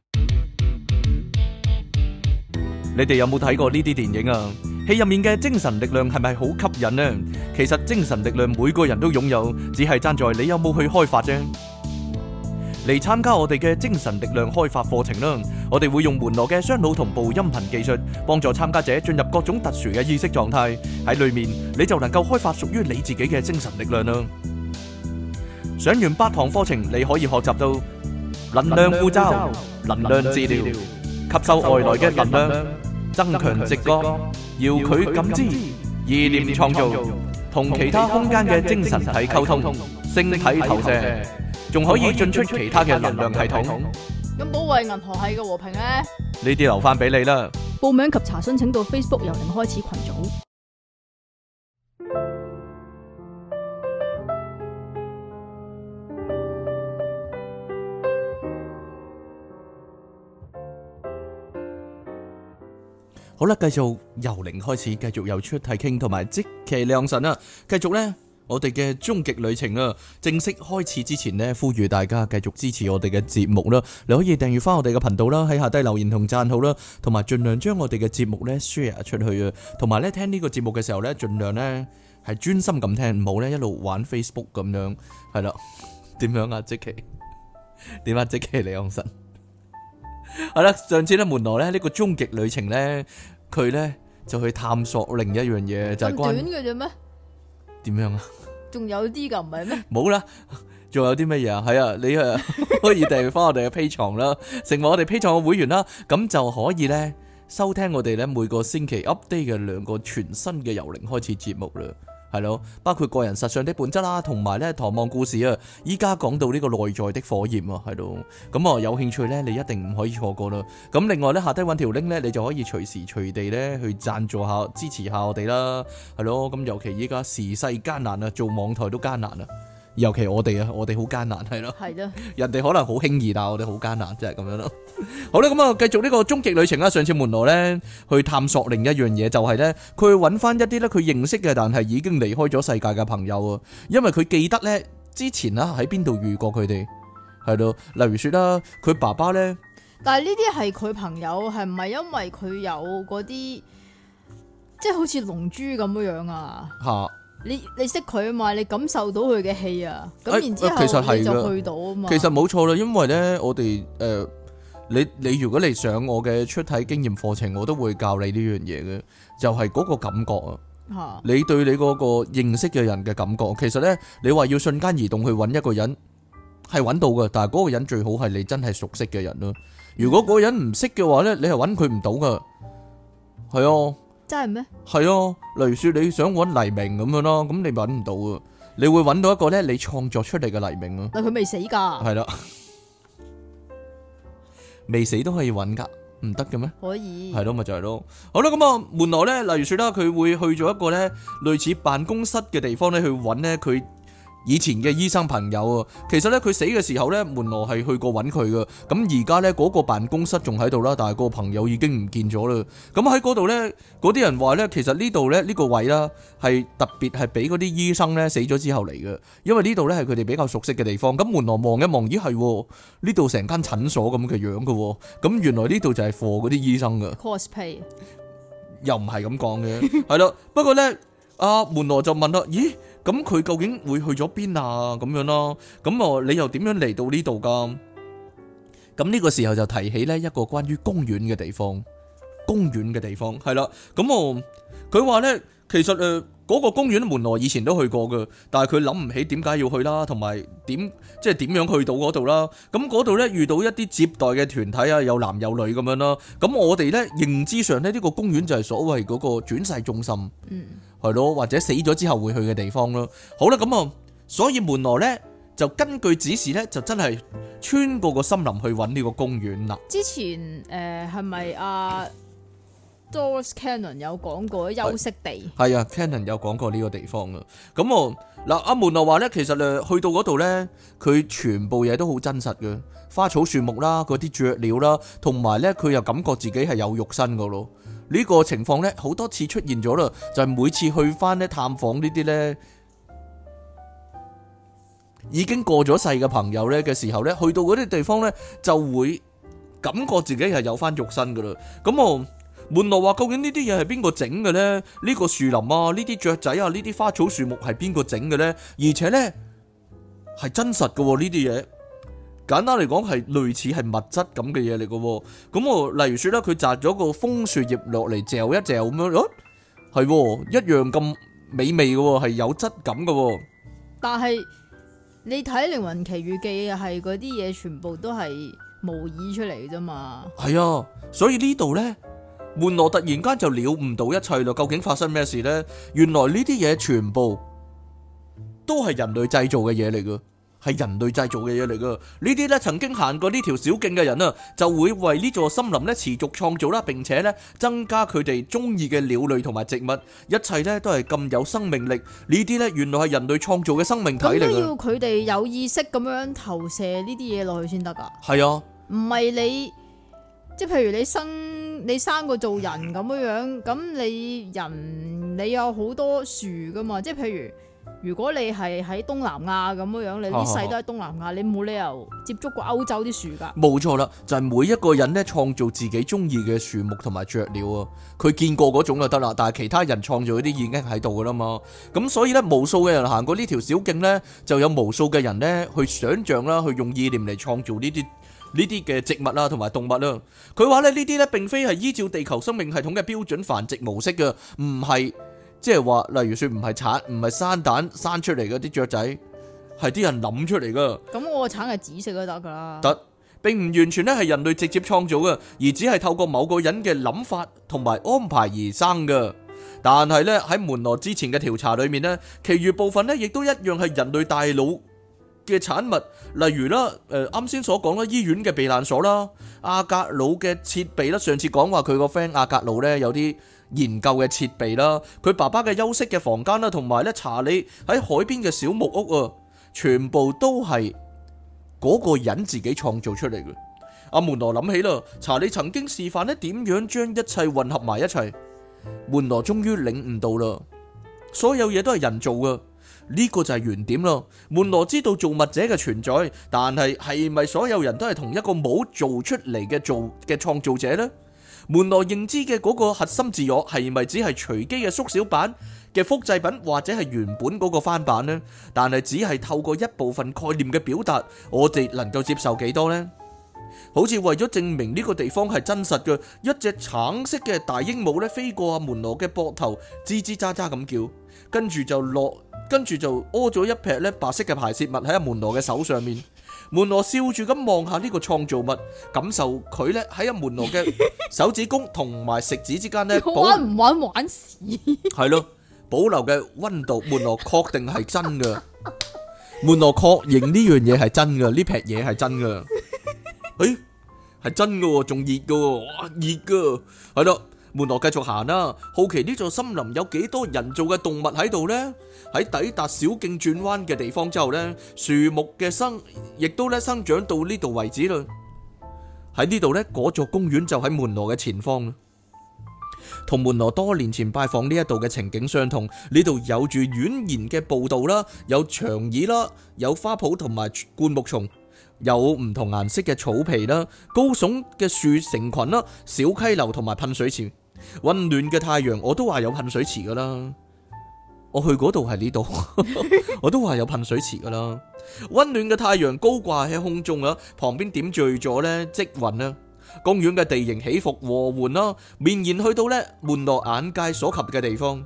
哋有冇睇過呢啲電影啊？戲入面嘅精神力量係咪好吸引呢、啊？其實精神力量每個人都擁有，只係爭在你有冇去開發啫。嚟參加我哋嘅精神力量開發課程啦！我哋會用門羅嘅雙腦同步音頻技術，幫助參加者進入各種特殊嘅意識狀態。喺裏面你就能夠開發屬於你自己嘅精神力量啦！上完八堂課程，你可以學習到能量聚焦、能量治療、吸收外來嘅能量、增強直覺、遙距感知、意念創造、同其他空間嘅精神體溝通、星體投射。仲可以進出其他嘅能量系統。咁保衛銀河系嘅和平咧？呢啲留翻俾你啦。報名及查詢請到 Facebook 由零開始群組。好啦，繼續由零開始，繼續由出體傾同埋即期亮神啊！繼續咧。我哋嘅終極旅程啊，正式開始之前咧，呼籲大家繼續支持我哋嘅節目啦！你可以訂閱翻我哋嘅頻道啦，喺下低留言同讚好啦，同埋盡量將我哋嘅節目咧 share 出去啊！同埋咧聽呢個節目嘅時候咧，盡量咧係專心咁聽，唔好咧一路玩 Facebook 咁樣，係啦。點樣啊？即奇，點啊？即奇，李康臣，好啦，上次咧門羅咧呢個終極旅程咧，佢咧就去探索另一樣嘢，就係關，咁短嘅啫咩？點樣啊？仲有啲噶唔係咩？冇啦，仲有啲乜嘢啊？係啊，你啊可以訂翻我哋嘅 Patreon 啦，成為我哋 Patreon 嘅會員啦，咁就可以咧收聽我哋咧每個星期 update 嘅兩個全新嘅游零開始節目啦。係咯，包括個人實相的本質啦，同埋咧唐望故事啊，依家講到呢個內在的火焰啊，係咯，咁、嗯、啊有興趣咧，你一定唔可以錯過咯。咁另外咧，下低搵條 link 咧，你就可以隨時隨地咧去贊助下、支持下我哋啦。係咯，咁、嗯、尤其依家時勢艱難啊，做網台都艱難啊。尤其我哋啊，我哋好艱難係咯， 人哋可能好輕易，但我哋好艱難，即係咁樣咯。 好啦，咁、嗯、啊，繼續呢個終極旅程啦。上次門羅呢，去探索另一樣嘢，就係呢，佢去揾翻一啲呢，佢認識嘅，但係已經離開咗世界嘅朋友啊。因為佢記得呢，之前啦喺邊度遇過佢哋，係咯。例如說啦，佢爸爸呢，但係呢啲係佢朋友，係唔係因為佢有嗰啲，即係好似龍珠咁樣樣啊？吓。 你你識佢啊嘛？你感受到佢嘅氣啊，咁然之後你就去到啊嘛。其實冇錯啦，因為咧，我哋誒，你你如果你上我嘅出體經驗課程，我都會教你呢樣嘢嘅，就係嗰個感覺啊。吓，你對你嗰個認識嘅人嘅感覺，其實咧，你話要瞬間移動去揾一個人，係揾到噶，但係嗰個人最好係你真係熟悉嘅人咯。如果嗰個人唔識嘅話咧，你係揾佢唔到噶，係哦。真係咩？係啊，例如說你想搵黎明咁樣咯，咁你搵唔到啊，你會搵到一個咧你創作出嚟嘅黎明啊。嗱，佢對了 未死噶。係啦，未死都可以搵噶，唔得嘅咩？可以。係咯，咪就係、是、咯。好啦，咁啊，門羅咧，例如說啦，佢會去咗一個咧類似辦公室嘅地方咧去搵咧佢。以前嘅醫生朋友啊，其實咧佢死嘅時候咧，門羅係去過揾佢噶。咁而家咧嗰個辦公室仲喺度啦，但係個朋友已經唔見咗啦。咁喺嗰度咧，嗰啲人話咧，其實呢度咧呢個位啦，係特別係俾嗰啲醫生咧死咗之後嚟嘅，因為呢度咧係佢哋比較熟悉嘅地方。咁門羅望一望，咦，係喎，呢度成間診所咁嘅樣噶。咁原來呢度就係貨嗰啲醫生嘅。Course pay 又唔係咁講嘅，係咯。不過咧，阿門羅就問啦：咦？咁佢究竟會去咗邊啊？咁樣咯，咁啊，你又點樣嚟到呢度噶？咁呢個時候就提起咧一個關於公園嘅地方。公園嘅地方係啦，咁我佢話呢，其實誒嗰、呃嗰個公園門羅以前都去過嘅，但係佢諗唔起點解要去啦，同埋點即係點樣去到嗰度啦。咁嗰度呢，遇到一啲接待嘅團體啊，有男有女咁樣咯。咁我哋呢，認知上呢，呢、呢個公園就係所謂嗰個轉世中心，嗯，係咯，或者死咗之後會去嘅地方咯。好啦，咁、嗯、啊，所以門羅呢，就根據指示呢，就真係穿過個森林去揾呢個公園啦。之前誒係咪啊？Cannon 有講過休息地，係啊，Cannon 有講過呢個地方、嗯、啊。咁我嗱阿門又話咧，其實咧去到嗰度咧，佢全部嘢都好真實嘅，花草樹木啦，嗰啲雀鳥啦，同埋咧佢又感覺自己係有肉身嘅咯。呢、這個情況咧好多次出現咗啦，就係、是、每次去翻咧探訪呢啲咧，已經過咗世嘅朋友咧嘅時候咧，去到嗰啲地方咧就會感覺自己係有翻肉身嘅啦。咁、嗯、我。嗯門內話：究竟呢啲嘢係邊個整嘅咧？呢個樹林啊，呢啲雀仔啊，呢啲花草樹木係邊個整嘅咧？而且咧係真實嘅呢啲嘢。簡單嚟講，係類似係物質咁嘅嘢嚟嘅。咁我例如說咧，佢摘咗個楓樹葉落嚟嚼一嚼咁樣，誒、啊，係一樣咁美味嘅、啊，係有質感嘅、啊。但係你睇《靈魂奇遇記》係嗰啲嘢，全部都係模擬出嚟嘅啫嘛。係啊，所以呢度咧。門羅突然間就料唔到一切咯，究竟發生咩事咧？原來呢啲嘢全部都係人類製造嘅嘢嚟噶，係人類製造嘅嘢嚟噶。呢啲咧曾經行過呢條小徑嘅人啊，就會為呢座森林咧持續創造啦，並且咧增加佢哋中意嘅鳥類同埋植物。一切咧都係咁有生命力。呢啲咧原來係人類創造嘅生命體嚟。咁都要佢哋有意識咁樣投射呢啲嘢落去先得噶。係啊，唔係你。即係譬如你生你生過做人咁樣樣，咁你人你有好多樹噶嘛？即係譬如如果你係喺東南亞咁樣樣，你啲世都係東南亞，你冇理由接觸過歐洲啲樹噶。冇錯啦，就係每一個人咧創造自己中意嘅樹木同埋雀鳥啊，佢見過嗰種就得啦。但係其他人創造嗰啲已經喺度噶啦嘛，咁所以咧無數嘅人行過呢條小徑咧，就有無數嘅人咧去想象啦，去用意念嚟創造呢啲。呢啲嘅植物啦，同埋動物啦，佢話咧呢啲咧，並非係依照地球生命系統嘅標準繁殖模式嘅。唔係即係話，例如說唔係橙，唔係生蛋生出嚟嗰啲雀仔，係啲人諗出嚟噶。咁我個橙係紫色都得噶啦。得，並唔完全咧係人類直接創造嘅，而只係透過某個人嘅諗法同埋安排而生嘅。但係咧喺門羅之前嘅調查裏面咧，其餘部分咧亦都一樣係人類大腦。嘅產物，例如啦，誒、呃，啱先所講啦，醫院嘅避難所啦，阿格魯嘅設備啦，上次講話佢個 friend 阿格魯呢有啲研究嘅設備啦，佢爸爸嘅休息嘅房間啦，同埋咧查理喺海邊嘅小木屋啊，全部都係嗰個人自己創造出嚟嘅。阿門羅諗起啦，查理曾經示範呢點樣將一切混合埋一齊，門羅終於領悟到啦，所有嘢都係人做㗎。呢個就係原點咯。門羅知道造物者嘅存在，但係係咪所有人都係同一個冇做出嚟嘅造嘅創造者呢？門羅認知嘅嗰個核心自我係咪只係隨機嘅縮小版嘅複製品，或者係原本嗰個翻版呢？但係只係透過一部分概念嘅表達，我哋能夠接受幾多呢？好似為咗證明呢個地方係真實嘅，一隻橙色嘅大鸚鵡咧飛過阿門羅嘅膊頭，吱吱喳喳咁叫。跟住就落，跟住就屙咗一撇咧白色嘅排泄物喺阿門羅嘅手上面。門羅笑住咁望下呢個創造物，感受佢咧喺阿門羅嘅手指公同埋食指之間咧，玩唔玩玩屎？係咯，保留嘅溫度。門羅確定係真㗎，門羅確認呢樣嘢係真㗎，呢撇嘢係真㗎。誒，係真㗎，仲熱㗎，哇，熱㗎，係咯。門羅繼續行啦，好奇呢座森林有幾多人造嘅動物喺度咧？喺抵達小徑轉彎嘅地方之後咧，樹木嘅生亦都咧生長到呢度為止啦。喺呢度咧，嗰座公園就喺門羅嘅前方啦。同門羅多年前拜訪呢一度嘅情景相同，呢度有住蜿蜒嘅步道啦，有長椅啦，有花圃同埋灌木叢，有唔同顏色嘅草皮啦，高聳嘅樹成群啦，小溪流同埋噴水池。溫暖嘅太陽，我都話有噴水池噶啦。我去嗰度係呢度， 我都話有噴水池噶啦。溫暖嘅太陽高掛喺空中啊，旁邊點綴咗呢積雲啊。公園嘅地形起伏和緩啦，綿延去到呢門羅眼界所及嘅地方。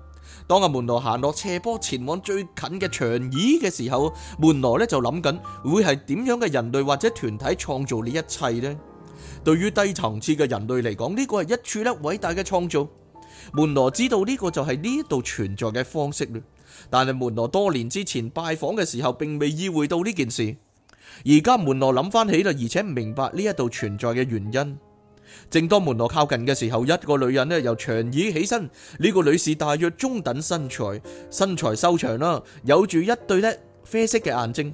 當阿門羅行落斜坡前往最近嘅長椅嘅時候，門羅呢就諗緊會係點樣嘅人類或者團體創造呢一切呢。對於低層次嘅人類嚟講，呢個係一處咧偉大嘅創造。門羅知道呢個就係呢度存在嘅方式啦。但係門羅多年之前拜訪嘅時候，並未意會到呢件事。而家門羅諗翻起啦，而且明白呢一度存在嘅原因。正當門羅靠近嘅時候，一個女人呢由長椅起身。呢個女士大約中等身材，身材修長啦，有住一對咧啡色嘅眼睛，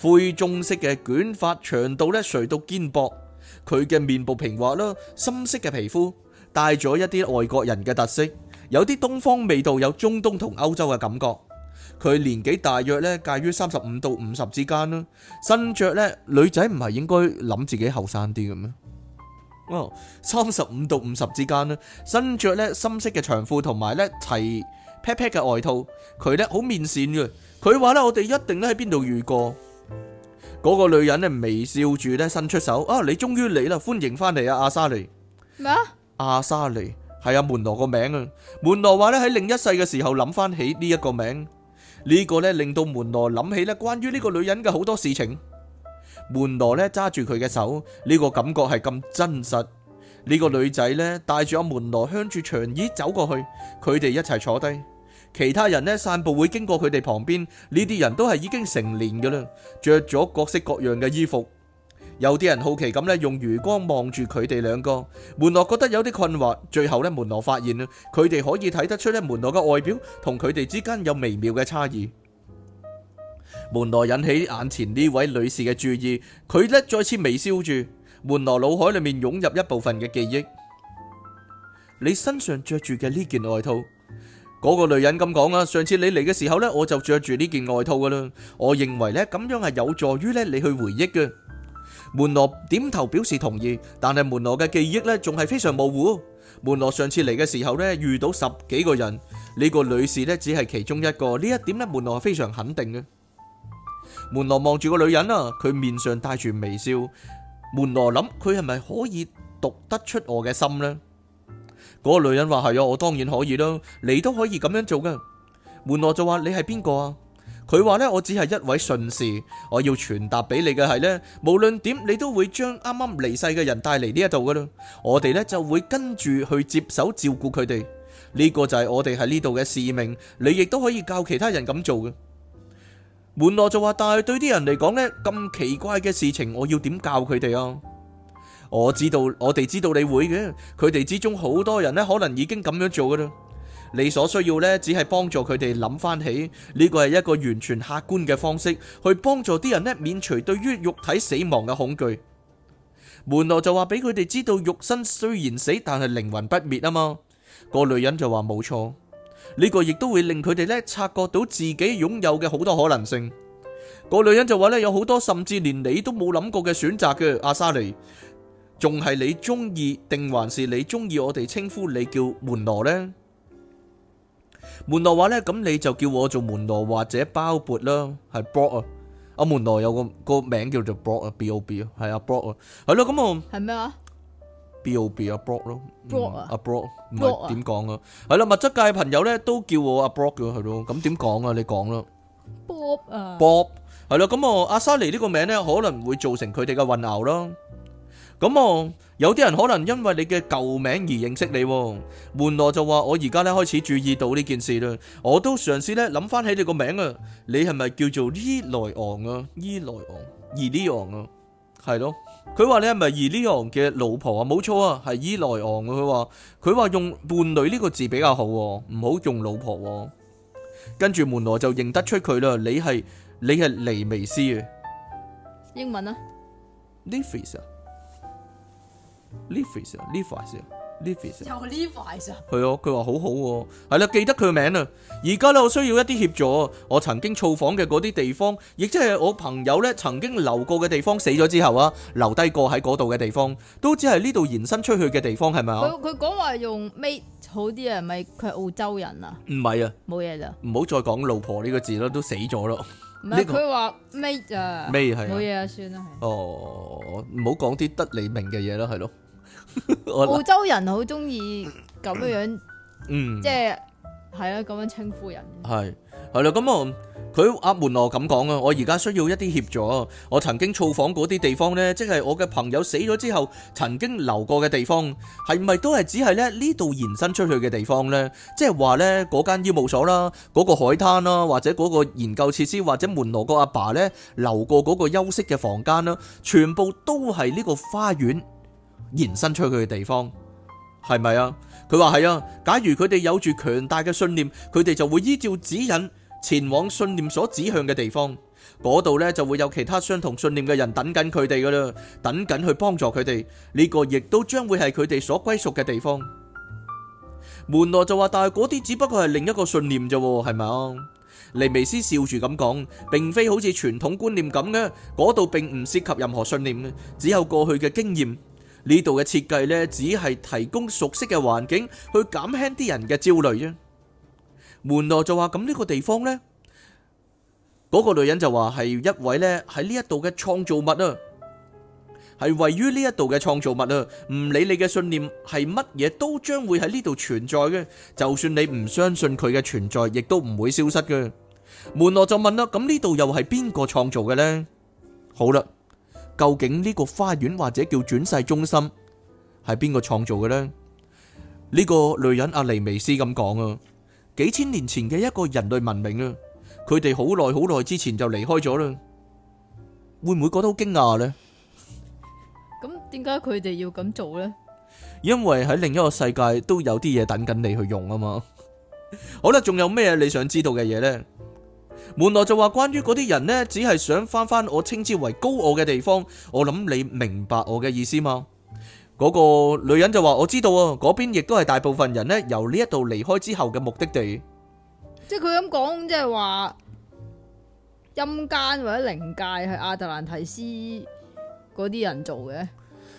灰棕色嘅捲髮，長度咧垂到肩膊。佢嘅面部平滑啦，深色嘅皮膚帶咗一啲外國人嘅特色，有啲東方味道，有中東同歐洲嘅感覺。佢年紀大約咧介於三十五到五十之間啦。身着咧女仔唔係應該諗自己後生啲嘅咩？哦，三十五到五十之間啦。身着咧深色嘅長褲同埋咧齊 pat pat 嘅外套。佢咧好面善嘅。佢話咧我哋一定咧喺邊度遇過。嗰個女人咧微笑住咧伸出手，啊，你終於嚟啦，歡迎翻嚟啊，阿莎莉。咩？阿莎莉係阿門羅個名啊。門羅話咧喺另一世嘅時候諗翻起呢一個名，呢個咧令到門羅諗起咧關於呢個女人嘅好多事情。門羅咧揸住佢嘅手，呢個感覺係咁真實。呢個女仔咧帶住阿門羅向住長椅走過去，佢哋一齊坐低。其他人呢散步會經過佢哋旁邊，呢啲人都係已經成年㗎喇，着咗各式各樣嘅衣服。有啲人好奇咁呢，用餘光望住佢哋兩個。門羅覺得有啲困惑，最後呢門羅發現佢哋可以睇得出咧，門羅嘅外表同佢哋之間有微妙嘅差異。門羅引起眼前呢位女士嘅注意，佢呢再次微笑住。門羅腦海裏面湧入一部分嘅記憶，你身上着住嘅呢件外套。嗰個女人咁講啊，上次你嚟嘅時候呢，我就着住呢件外套㗎喇。我認為呢，咁樣係有助於呢你去回憶嘅。門羅點頭表示同意，但係門羅嘅記憶呢仲係非常模糊。門羅上次嚟嘅時候呢，遇到十幾個人，呢個女士呢只係其中一個，呢一點呢門羅非常肯定嘅。門羅望住個女人啊，佢面上帶住微笑。門羅諗，佢係咪可以讀得出我嘅心呢？嗰個女人話係啊，我當然可以啦，你都可以咁樣做噶。門羅就話你係邊個啊？佢話呢，我只係一位信士。我要傳達俾你嘅係呢：無論點，你都會將啱啱離世嘅人帶嚟呢一度噶啦。我哋呢就會跟住去接手照顧佢哋。呢個就係我哋喺呢度嘅使命。你亦都可以教其他人咁做嘅。門羅就話，但係對啲人嚟講呢，咁奇怪嘅事情，我要點教佢哋啊？我知道，我哋知道你會嘅，佢哋之中好多人呢，可能已經咁樣做嘅啦。你所需要呢，只係幫助佢哋諗翻起，呢個係一個完全客觀嘅方式，去幫助啲人呢，免除對於肉體死亡嘅恐懼。門羅就話，俾佢哋知道，肉身雖然死，但係靈魂不滅啊嘛。個女人就話冇錯，呢個亦都會令佢哋呢察覺到自己擁有嘅好多可能性。個女人就話呢，有好多甚至連你都冇諗過嘅選擇嘅阿莎莉。仲係你中意定還是你中意我哋稱呼你叫門羅咧？門羅話咧，咁你就叫我做門羅或者包勃啦，係 Bob 啊，阿門羅有個個名叫做 Bob 啊，B O B 啊，係阿 Bob 啊，係咯，咁啊，係咩話？B O B 啊，Bob 咯，Bob 啊，Bob，唔係，點講啊？係啦，物質界朋友咧都叫我阿 Bob 㗎，係咯，咁點講啊？你講啦，Bob 啊，Bob 係啦，咁啊，阿沙尼呢個名咧可能會造成佢哋嘅混淆啦。咁哦，有啲人可能因為你嘅舊名而認識你，哦。門羅就話，我而家咧開始注意到呢件事啦，我都嘗試咧諗翻起你個名啊，你係咪叫做伊萊昂啊？伊萊昂，伊萊昂啊，係咯？佢話你係咪伊萊昂嘅老婆啊？冇錯啊，係伊萊昂啊。佢話佢話用伴侶呢個字比較好，啊，唔好用老婆，啊。跟住門羅就認得出佢啦，你係你係尼微斯啊？英文啊 n i s leave 先，leave 先 leave 先，就 leave 先。係佢話好好、啊、喎，係啦，記得佢名啦。而家咧，我需要一啲協助。我曾經造訪嘅嗰啲地方，亦即係我朋友咧曾經留過嘅地方，死咗之後啊，留低過喺嗰度嘅地方，都只係呢度延伸出去嘅地方，係咪啊？佢佢講話用咩好啲啊？係咪佢係澳洲人啊？唔係啊，冇嘢咋。唔好再講老婆呢個字啦，都死咗咯。唔係佢話咩咋？咩係冇嘢啊，算啦係。哦，唔好講啲得你明嘅嘢啦，係咯。澳洲人好中意咁樣樣，嗯，即係係啊，咁樣稱呼人。係係啦，咁我。佢阿、啊、門羅咁講啊，我而家需要一啲協助。我曾經造訪嗰啲地方呢，即係我嘅朋友死咗之後曾經留過嘅地方，係咪都係只係呢度延伸出去嘅地方呢？即係話呢，嗰間醫務所啦，嗰、嗰個海灘啦，或者嗰個研究設施，或者門羅個阿爸呢，留過嗰個休息嘅房間啦，全部都係呢個花園延伸出去嘅地方，係咪啊？佢話係啊。假如佢哋有住強大嘅信念，佢哋就會依照指引。前往信念所指向嘅地方，嗰度呢，就會有其他相同信念嘅人等緊佢哋噶啦，等緊去幫助佢哋。呢個亦都將會係佢哋所歸屬嘅地方。門羅就話，但係嗰啲只不過係另一個信念啫，係咪啊？尼米斯笑住咁講，並非好似傳統觀念咁嘅，嗰度並唔涉及任何信念，只有過去嘅經驗。呢度嘅設計呢，只係提供熟悉嘅環境，去減輕啲人嘅焦慮啫。門羅就話：咁呢個地方呢，嗰個女人就話係一位呢，喺呢一度嘅創造物啊，係位於呢一度嘅創造物啊。唔理你嘅信念係乜嘢，都將會喺呢度存在嘅。就算你唔相信佢嘅存在，亦都唔會消失嘅。門羅就問啦：咁呢度又係邊個創造嘅呢？好啦，究竟呢個花園或者叫轉世中心係邊個創造嘅呢？呢個女人阿尼維斯咁講啊。幾千年前嘅一個人類文明啦，佢哋好耐好耐之前就離開咗啦，會唔會覺得好驚訝呢？咁點解佢哋要咁做呢？因為喺另一個世界都有啲嘢等緊你去用啊嘛。好啦，仲有咩你想知道嘅嘢呢？門羅就話，關於嗰啲人呢，只係想返返我稱之為高傲嘅地方。我諗你明白我嘅意思嘛？嗰個女人就話：我知道啊，嗰邊亦都係大部分人咧，由呢一度離開之後嘅目的地。即係佢咁講，即係話陰間或者靈界係亞特蘭提斯嗰啲人做嘅。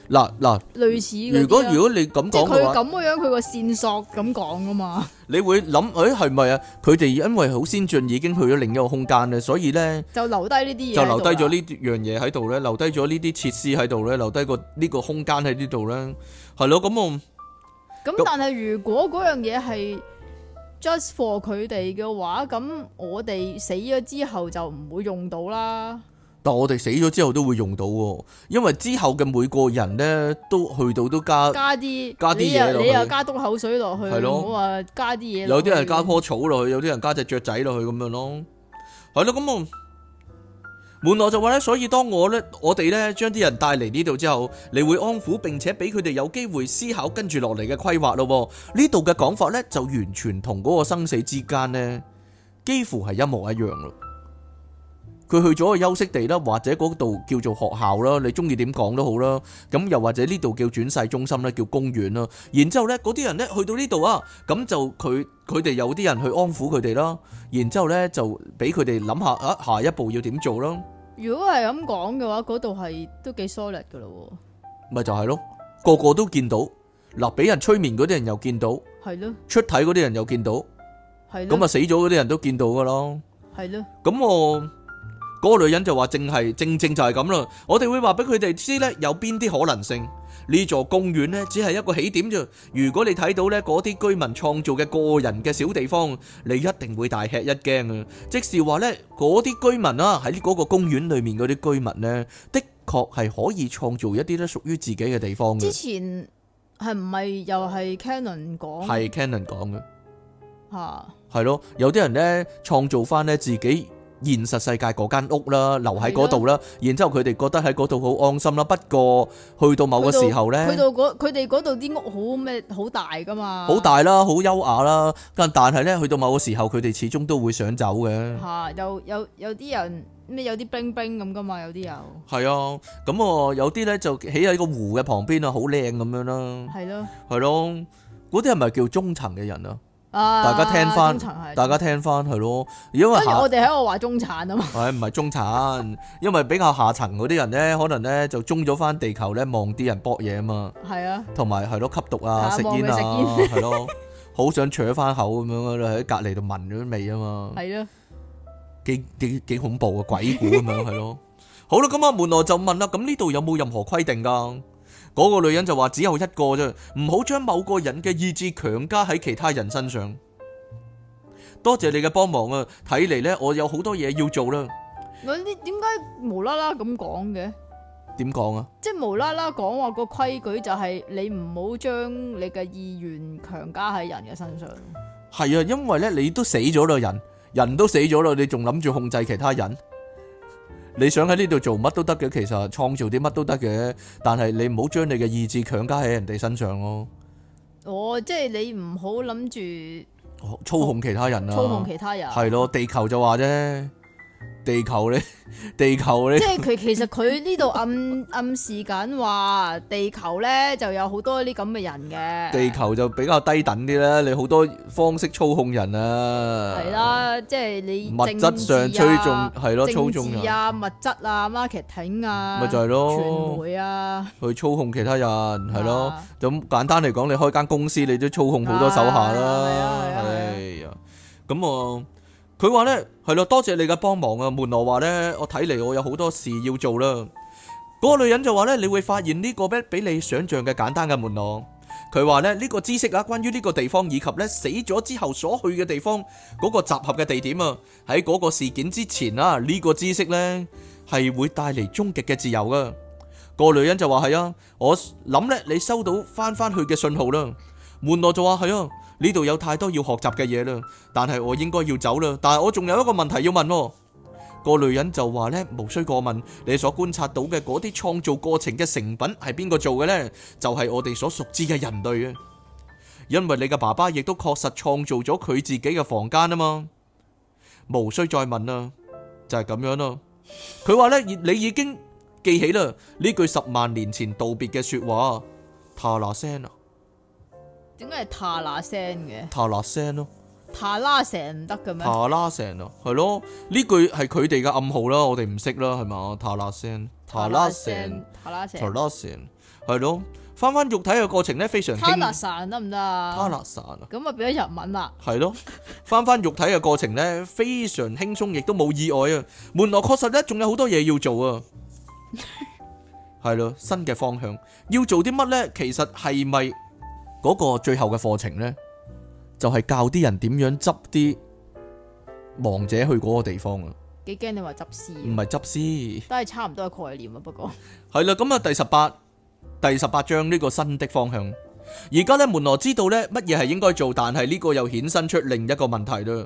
嗱嗱，類似如果如果你咁講嘅話，即係佢咁嘅樣，佢個線索咁講啊嘛，你會諗，哎，係咪啊？佢哋因為好先進，已經去咗另一個空間咧，所以咧就留低呢啲嘢，就留低咗呢樣嘢喺度咧，留低咗呢啲設施喺度咧，留低個呢個空間喺呢度咧，係咯，咁我咁但係如果嗰樣嘢係 just for 佢哋嘅話，咁我哋死咗之後就唔會用到啦。但我哋死咗之後都會用到，因為之後嘅每個人呢都去到都加加啲些加啲嘢落去，你，你又加篤口水落去，係咯的，加啲嘢。有啲人加棵草落去，有啲人加隻雀仔落去咁樣咯。係咯，咁我門內就話呢。所以當我呢，我哋呢，將啲人帶嚟呢度之後，你會安撫並且俾佢哋有機會思考跟住落嚟嘅規劃咯。呢度嘅講法呢，就完全同嗰個生死之間呢幾乎係一模一樣咯。佢去咗個休息地啦，或者嗰度叫做學校啦，你中意點講都好啦。咁又或者呢度叫轉世中心啦，叫公園啦。然之後咧，嗰啲人咧去到呢度啊，咁就佢佢哋有啲人去安撫佢哋啦。然之後咧就俾佢哋諗下啊，下一步要點做咯。如果係咁講嘅話，嗰度係都幾 solid 噶咯。咪就係咯，個個都見到嗱，俾人催眠嗰啲人又見到，係咯。出體嗰啲人又見到，係咁啊，死咗嗰啲人都見到噶咯，係咯。咁我。嗰個女人就話：正係正正就係咁啦，我哋會話俾佢哋知咧，有邊啲可能性？呢座公園咧，只係一個起點啫。如果你睇到咧嗰啲居民創造嘅個人嘅小地方，你一定會大吃一驚啊！即是話咧，嗰啲居民啊，喺嗰個公園裏面嗰啲居民咧，的確係可以創造一啲咧屬於自己嘅地方。之前係唔係又係 Canon 講？係 Canon 講嘅吓，係咯，有啲人咧創造返咧自己，現實世界嗰間屋啦，留喺嗰度啦，的然之後佢哋覺得喺嗰度好安心啦。不過去到某個時候咧，去到佢哋嗰度啲屋好咩好大㗎嘛？好大啦，好優雅啦。但係咧，去到某個時候，佢哋始終都會想走嘅。嚇、啊！有有有啲人咩有啲冰冰咁㗎嘛？有啲人，係啊，咁啊有啲咧就起喺個湖嘅旁邊啊，好靚咁樣啦。係咯的。係咯，嗰啲係咪叫中層嘅人啊？大家聽翻，大家聽翻係咯，因為我哋喺度話中產啊嘛，係唔係中產？因為比較下層嗰啲人咧，可能咧就中咗翻地球咧，望啲人搏嘢啊嘛，係啊，同埋係咯吸毒啊，食煙啊，係咯，好想喘翻口咁樣啦，喺隔籬度聞咗啲味啊嘛，係咯，幾幾幾恐怖啊鬼故咁樣係咯，好啦，咁阿門內就問啦，咁呢度有冇任何規定噶？嗰個女人就話只有一個啫，唔好將某個人嘅意志強加喺其他人身上。多謝你嘅幫忙啊！睇嚟，呢，我有好多嘢要做啦。嗰啲點解無啦啦咁講嘅？點講啊？即係無啦啦講，話個規矩就係你唔好將你嘅意願強加喺人嘅身上。係啊，因為呢，你都死咗啦，人人都死咗啦，你仲諗住控制其他人？你想喺呢度做乜都得嘅，其實創造啲乜都得嘅，但係你唔好將你嘅意志強加喺人哋身上咯。就是、哦，即係你唔好諗住操控其他人啊，操控其他人係咯，地球就話啫。地球咧，地球咧，即係佢其實佢呢度暗暗示緊話，地球咧就有好多啲咁嘅人嘅。地球就比較低等啲啦，你好多方式操控人啊。係啦，即係你、啊、物質上催動，係咯、啊，操縱人啊，物質啊，marketing 啊，咪、嗯、就係、是、咯，傳媒啊，去操控其他人，係咯。咁、啊、簡單嚟講，你開間公司，你都操控好多手下啦。哎呀，咁、哎、我。佢話呢，「係咯，多謝你嘅幫忙啊！」門羅話呢，我睇嚟我有好多事要做啦。嗰個女人就話呢，你會發現呢個咩比,比你想象嘅簡單嘅門羅。佢話呢，呢個知識啊，關於呢個地方以及呢死咗之後所去嘅地方嗰個集合嘅地點啊，喺嗰個事件之前啊，呢個知識呢係會帶嚟終極嘅自由噶。個女人就話係啊，我諗呢，你收到翻翻去嘅信號啦。門羅就話係啊。呢度有太多要學習嘅嘢啦，但係我應該要走啦。但係我仲有一個問題要問咯，哦。個女人就話呢，「無需過問你所觀察到嘅嗰啲創造過程嘅成品係邊個做嘅呢？就係我哋所熟知嘅人類啊。因為你嘅爸爸亦都確實創造咗佢自己嘅房間啊嘛。無需再問啦，就係咁樣咯。佢話呢，「你已經記起啦呢句十萬年前道別嘅說話。他嗱聲啊。點解係塔啦聲嘅？塔啦聲咯，塔啦聲唔得嘅咩？塔啦聲啊，係咯，呢句係佢哋嘅暗號啦，我哋唔識啦，係嘛？塔啦聲，塔啦聲，塔啦聲，塔啦聲，係咯，翻翻肉體嘅過程咧，非常輕鬆。塔啦聲得唔得啊？塔啦聲。咁啊，變咗日文啦。係咯，翻翻肉體嘅過程咧，非常輕鬆，亦都冇意外啊。門羅確實咧，仲有好多嘢要做啊。係咯，新嘅方向要做啲乜咧？其實係咪？嗰個最後嘅課程呢，就係、是、教啲人點樣執啲亡者去嗰個地方啊！幾驚你話執屍？唔係執屍，都係差唔多嘅概念啊。不過係啦，咁啊， 第十八第十八章呢個新的方向。而家呢門羅知道呢乜嘢係應該做，但係呢個又衍生出另一個問題啦。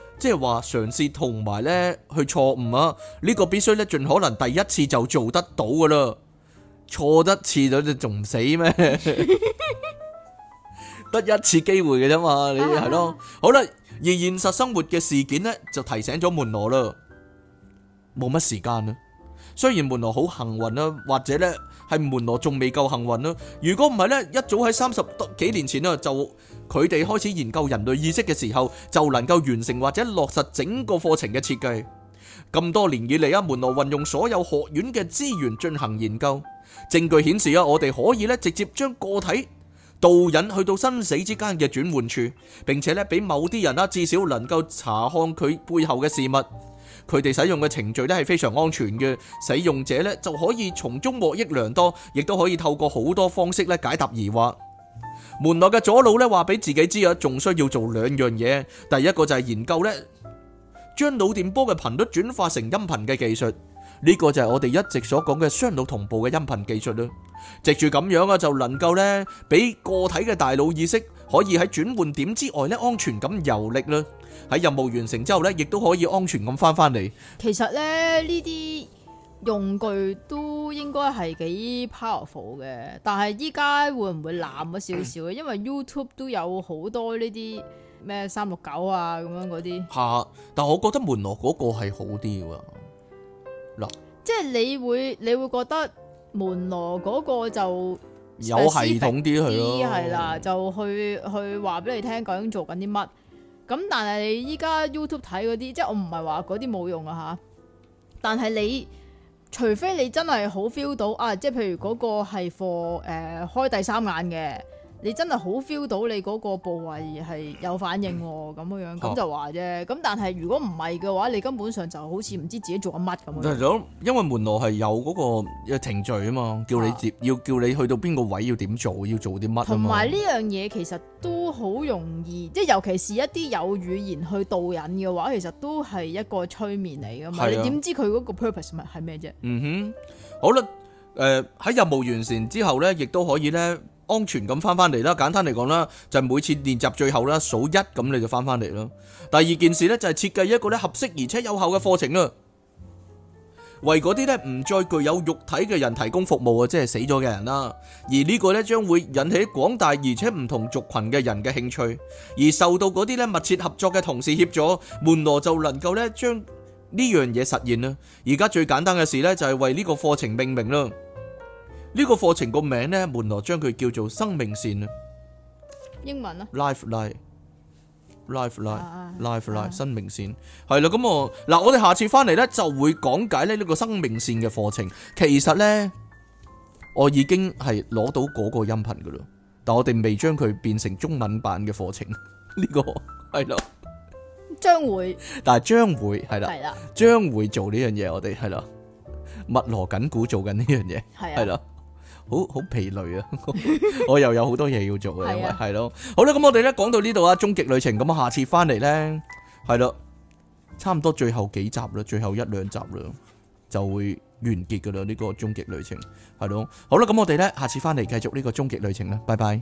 即係話嘗試同埋咧去錯誤啊，呢、呢個必須咧盡可能第一次就做得到噶啦，錯 一次就仲唔死咩？得一次機會嘅啫嘛，你係咯，了 好啦。而現實生活嘅事件呢，就提醒咗門羅啦，冇乜時間啦。雖然門羅好幸運啦，或者咧係門羅仲未夠幸運啦。如果唔係咧，一早喺三十多年前啦就。佢哋開始研究人類意識嘅時候，就能夠完成或者落實整個課程嘅設計。咁多年以嚟啊，門羅運用所有學院嘅資源進行研究，證據顯示啊，我哋可以咧直接將個體導引去到生死之間嘅轉換處，並且咧俾某啲人啊，至少能夠查看佢背後嘅事物。佢哋使用嘅程序咧係非常安全嘅，使用者咧就可以從中獲益良多，亦都可以透過好多方式咧解答疑惑。門內嘅左腦咧話俾自己知啊，仲需要做兩樣嘢。第一個就係研究咧，將腦電波嘅頻率轉化成音頻嘅技術。呢個就係我哋一直所講嘅雙腦同步嘅音頻技術啦。藉住咁樣啊，就能夠咧，俾個體嘅大腦意識可以喺轉換點之外咧，安全咁遊歷啦。喺任務完成之後咧，亦都可以安全咁翻翻嚟。其實咧呢啲。用具都應該係幾 powerful 嘅，但係依家會唔會濫咗少少啊？因為 YouTube 都有好多呢啲咩三六九啊咁樣嗰啲。嚇！但係我覺得門羅嗰個係好啲㗎。啊，即係你會你會覺得門羅嗰個就 specific，有系統啲係咯，係啦，就去去話俾你聽究竟做緊啲乜。咁但係你依家 YouTube 睇嗰啲，即係我唔係話嗰啲冇用啊嚇，但係你。除非你真係好 feel 到啊，即係譬如嗰個係嗰啲開第三眼嘅。你真係好 feel 到你嗰個部位係有反應喎，咁樣樣咁就話啫。咁但係如果唔係嘅話，你根本上就好似唔知自己做緊乜咁樣。就因為門羅係有嗰個嘅程序啊嘛，叫你接要叫你去到邊個位要點做，要做啲乜啊嘛。同埋呢樣嘢其實都好容易，即係尤其是一啲有語言去導引嘅話，其實都係一個催眠嚟噶嘛。你點知佢嗰個 purpose 係咩啫？嗯哼，好啦，誒喺任務完善之後咧，亦都可以咧。安全咁翻翻嚟啦，簡單嚟講啦，就係每次練習最後啦數一咁你就翻翻嚟咯。第二件事咧就係設計一個咧合適而且有效嘅課程啦，為嗰啲咧唔再具有肉體嘅人提供服務啊，即係死咗嘅人啦。而呢個咧將會引起廣大而且唔同族群嘅人嘅興趣，而受到嗰啲咧密切合作嘅同事協助，門羅就能夠咧將呢樣嘢實現啦。而家最簡單嘅事咧就係為呢個課程命名啦。呢個課程個名咧，門羅將佢叫做生命線啊，英文啊，life line，life line，life line，生命線係咯。咁我嗱，我哋下次翻嚟咧，就會講解咧呢個生命線嘅課程。其實咧，我已經係攞到嗰個音頻噶啦，但我哋未將佢變成中文版嘅課程。呢個係咯，將會，但係將會係啦，係啦，將會做呢樣嘢。我哋係咯，密鑼緊鼓做緊呢樣嘢，係咯。好好疲累啊！ 我又有好多嘢要做，因為啊，係咯。好啦，咁我哋咧講到呢度啊，終極旅程。咁啊，下次翻嚟咧，係咯，差唔多最後幾集啦，最後一兩集啦，就會完結噶啦。呢、這個終極旅程係咯。好啦，咁我哋咧下次翻嚟繼續呢個終極旅程啦。拜拜。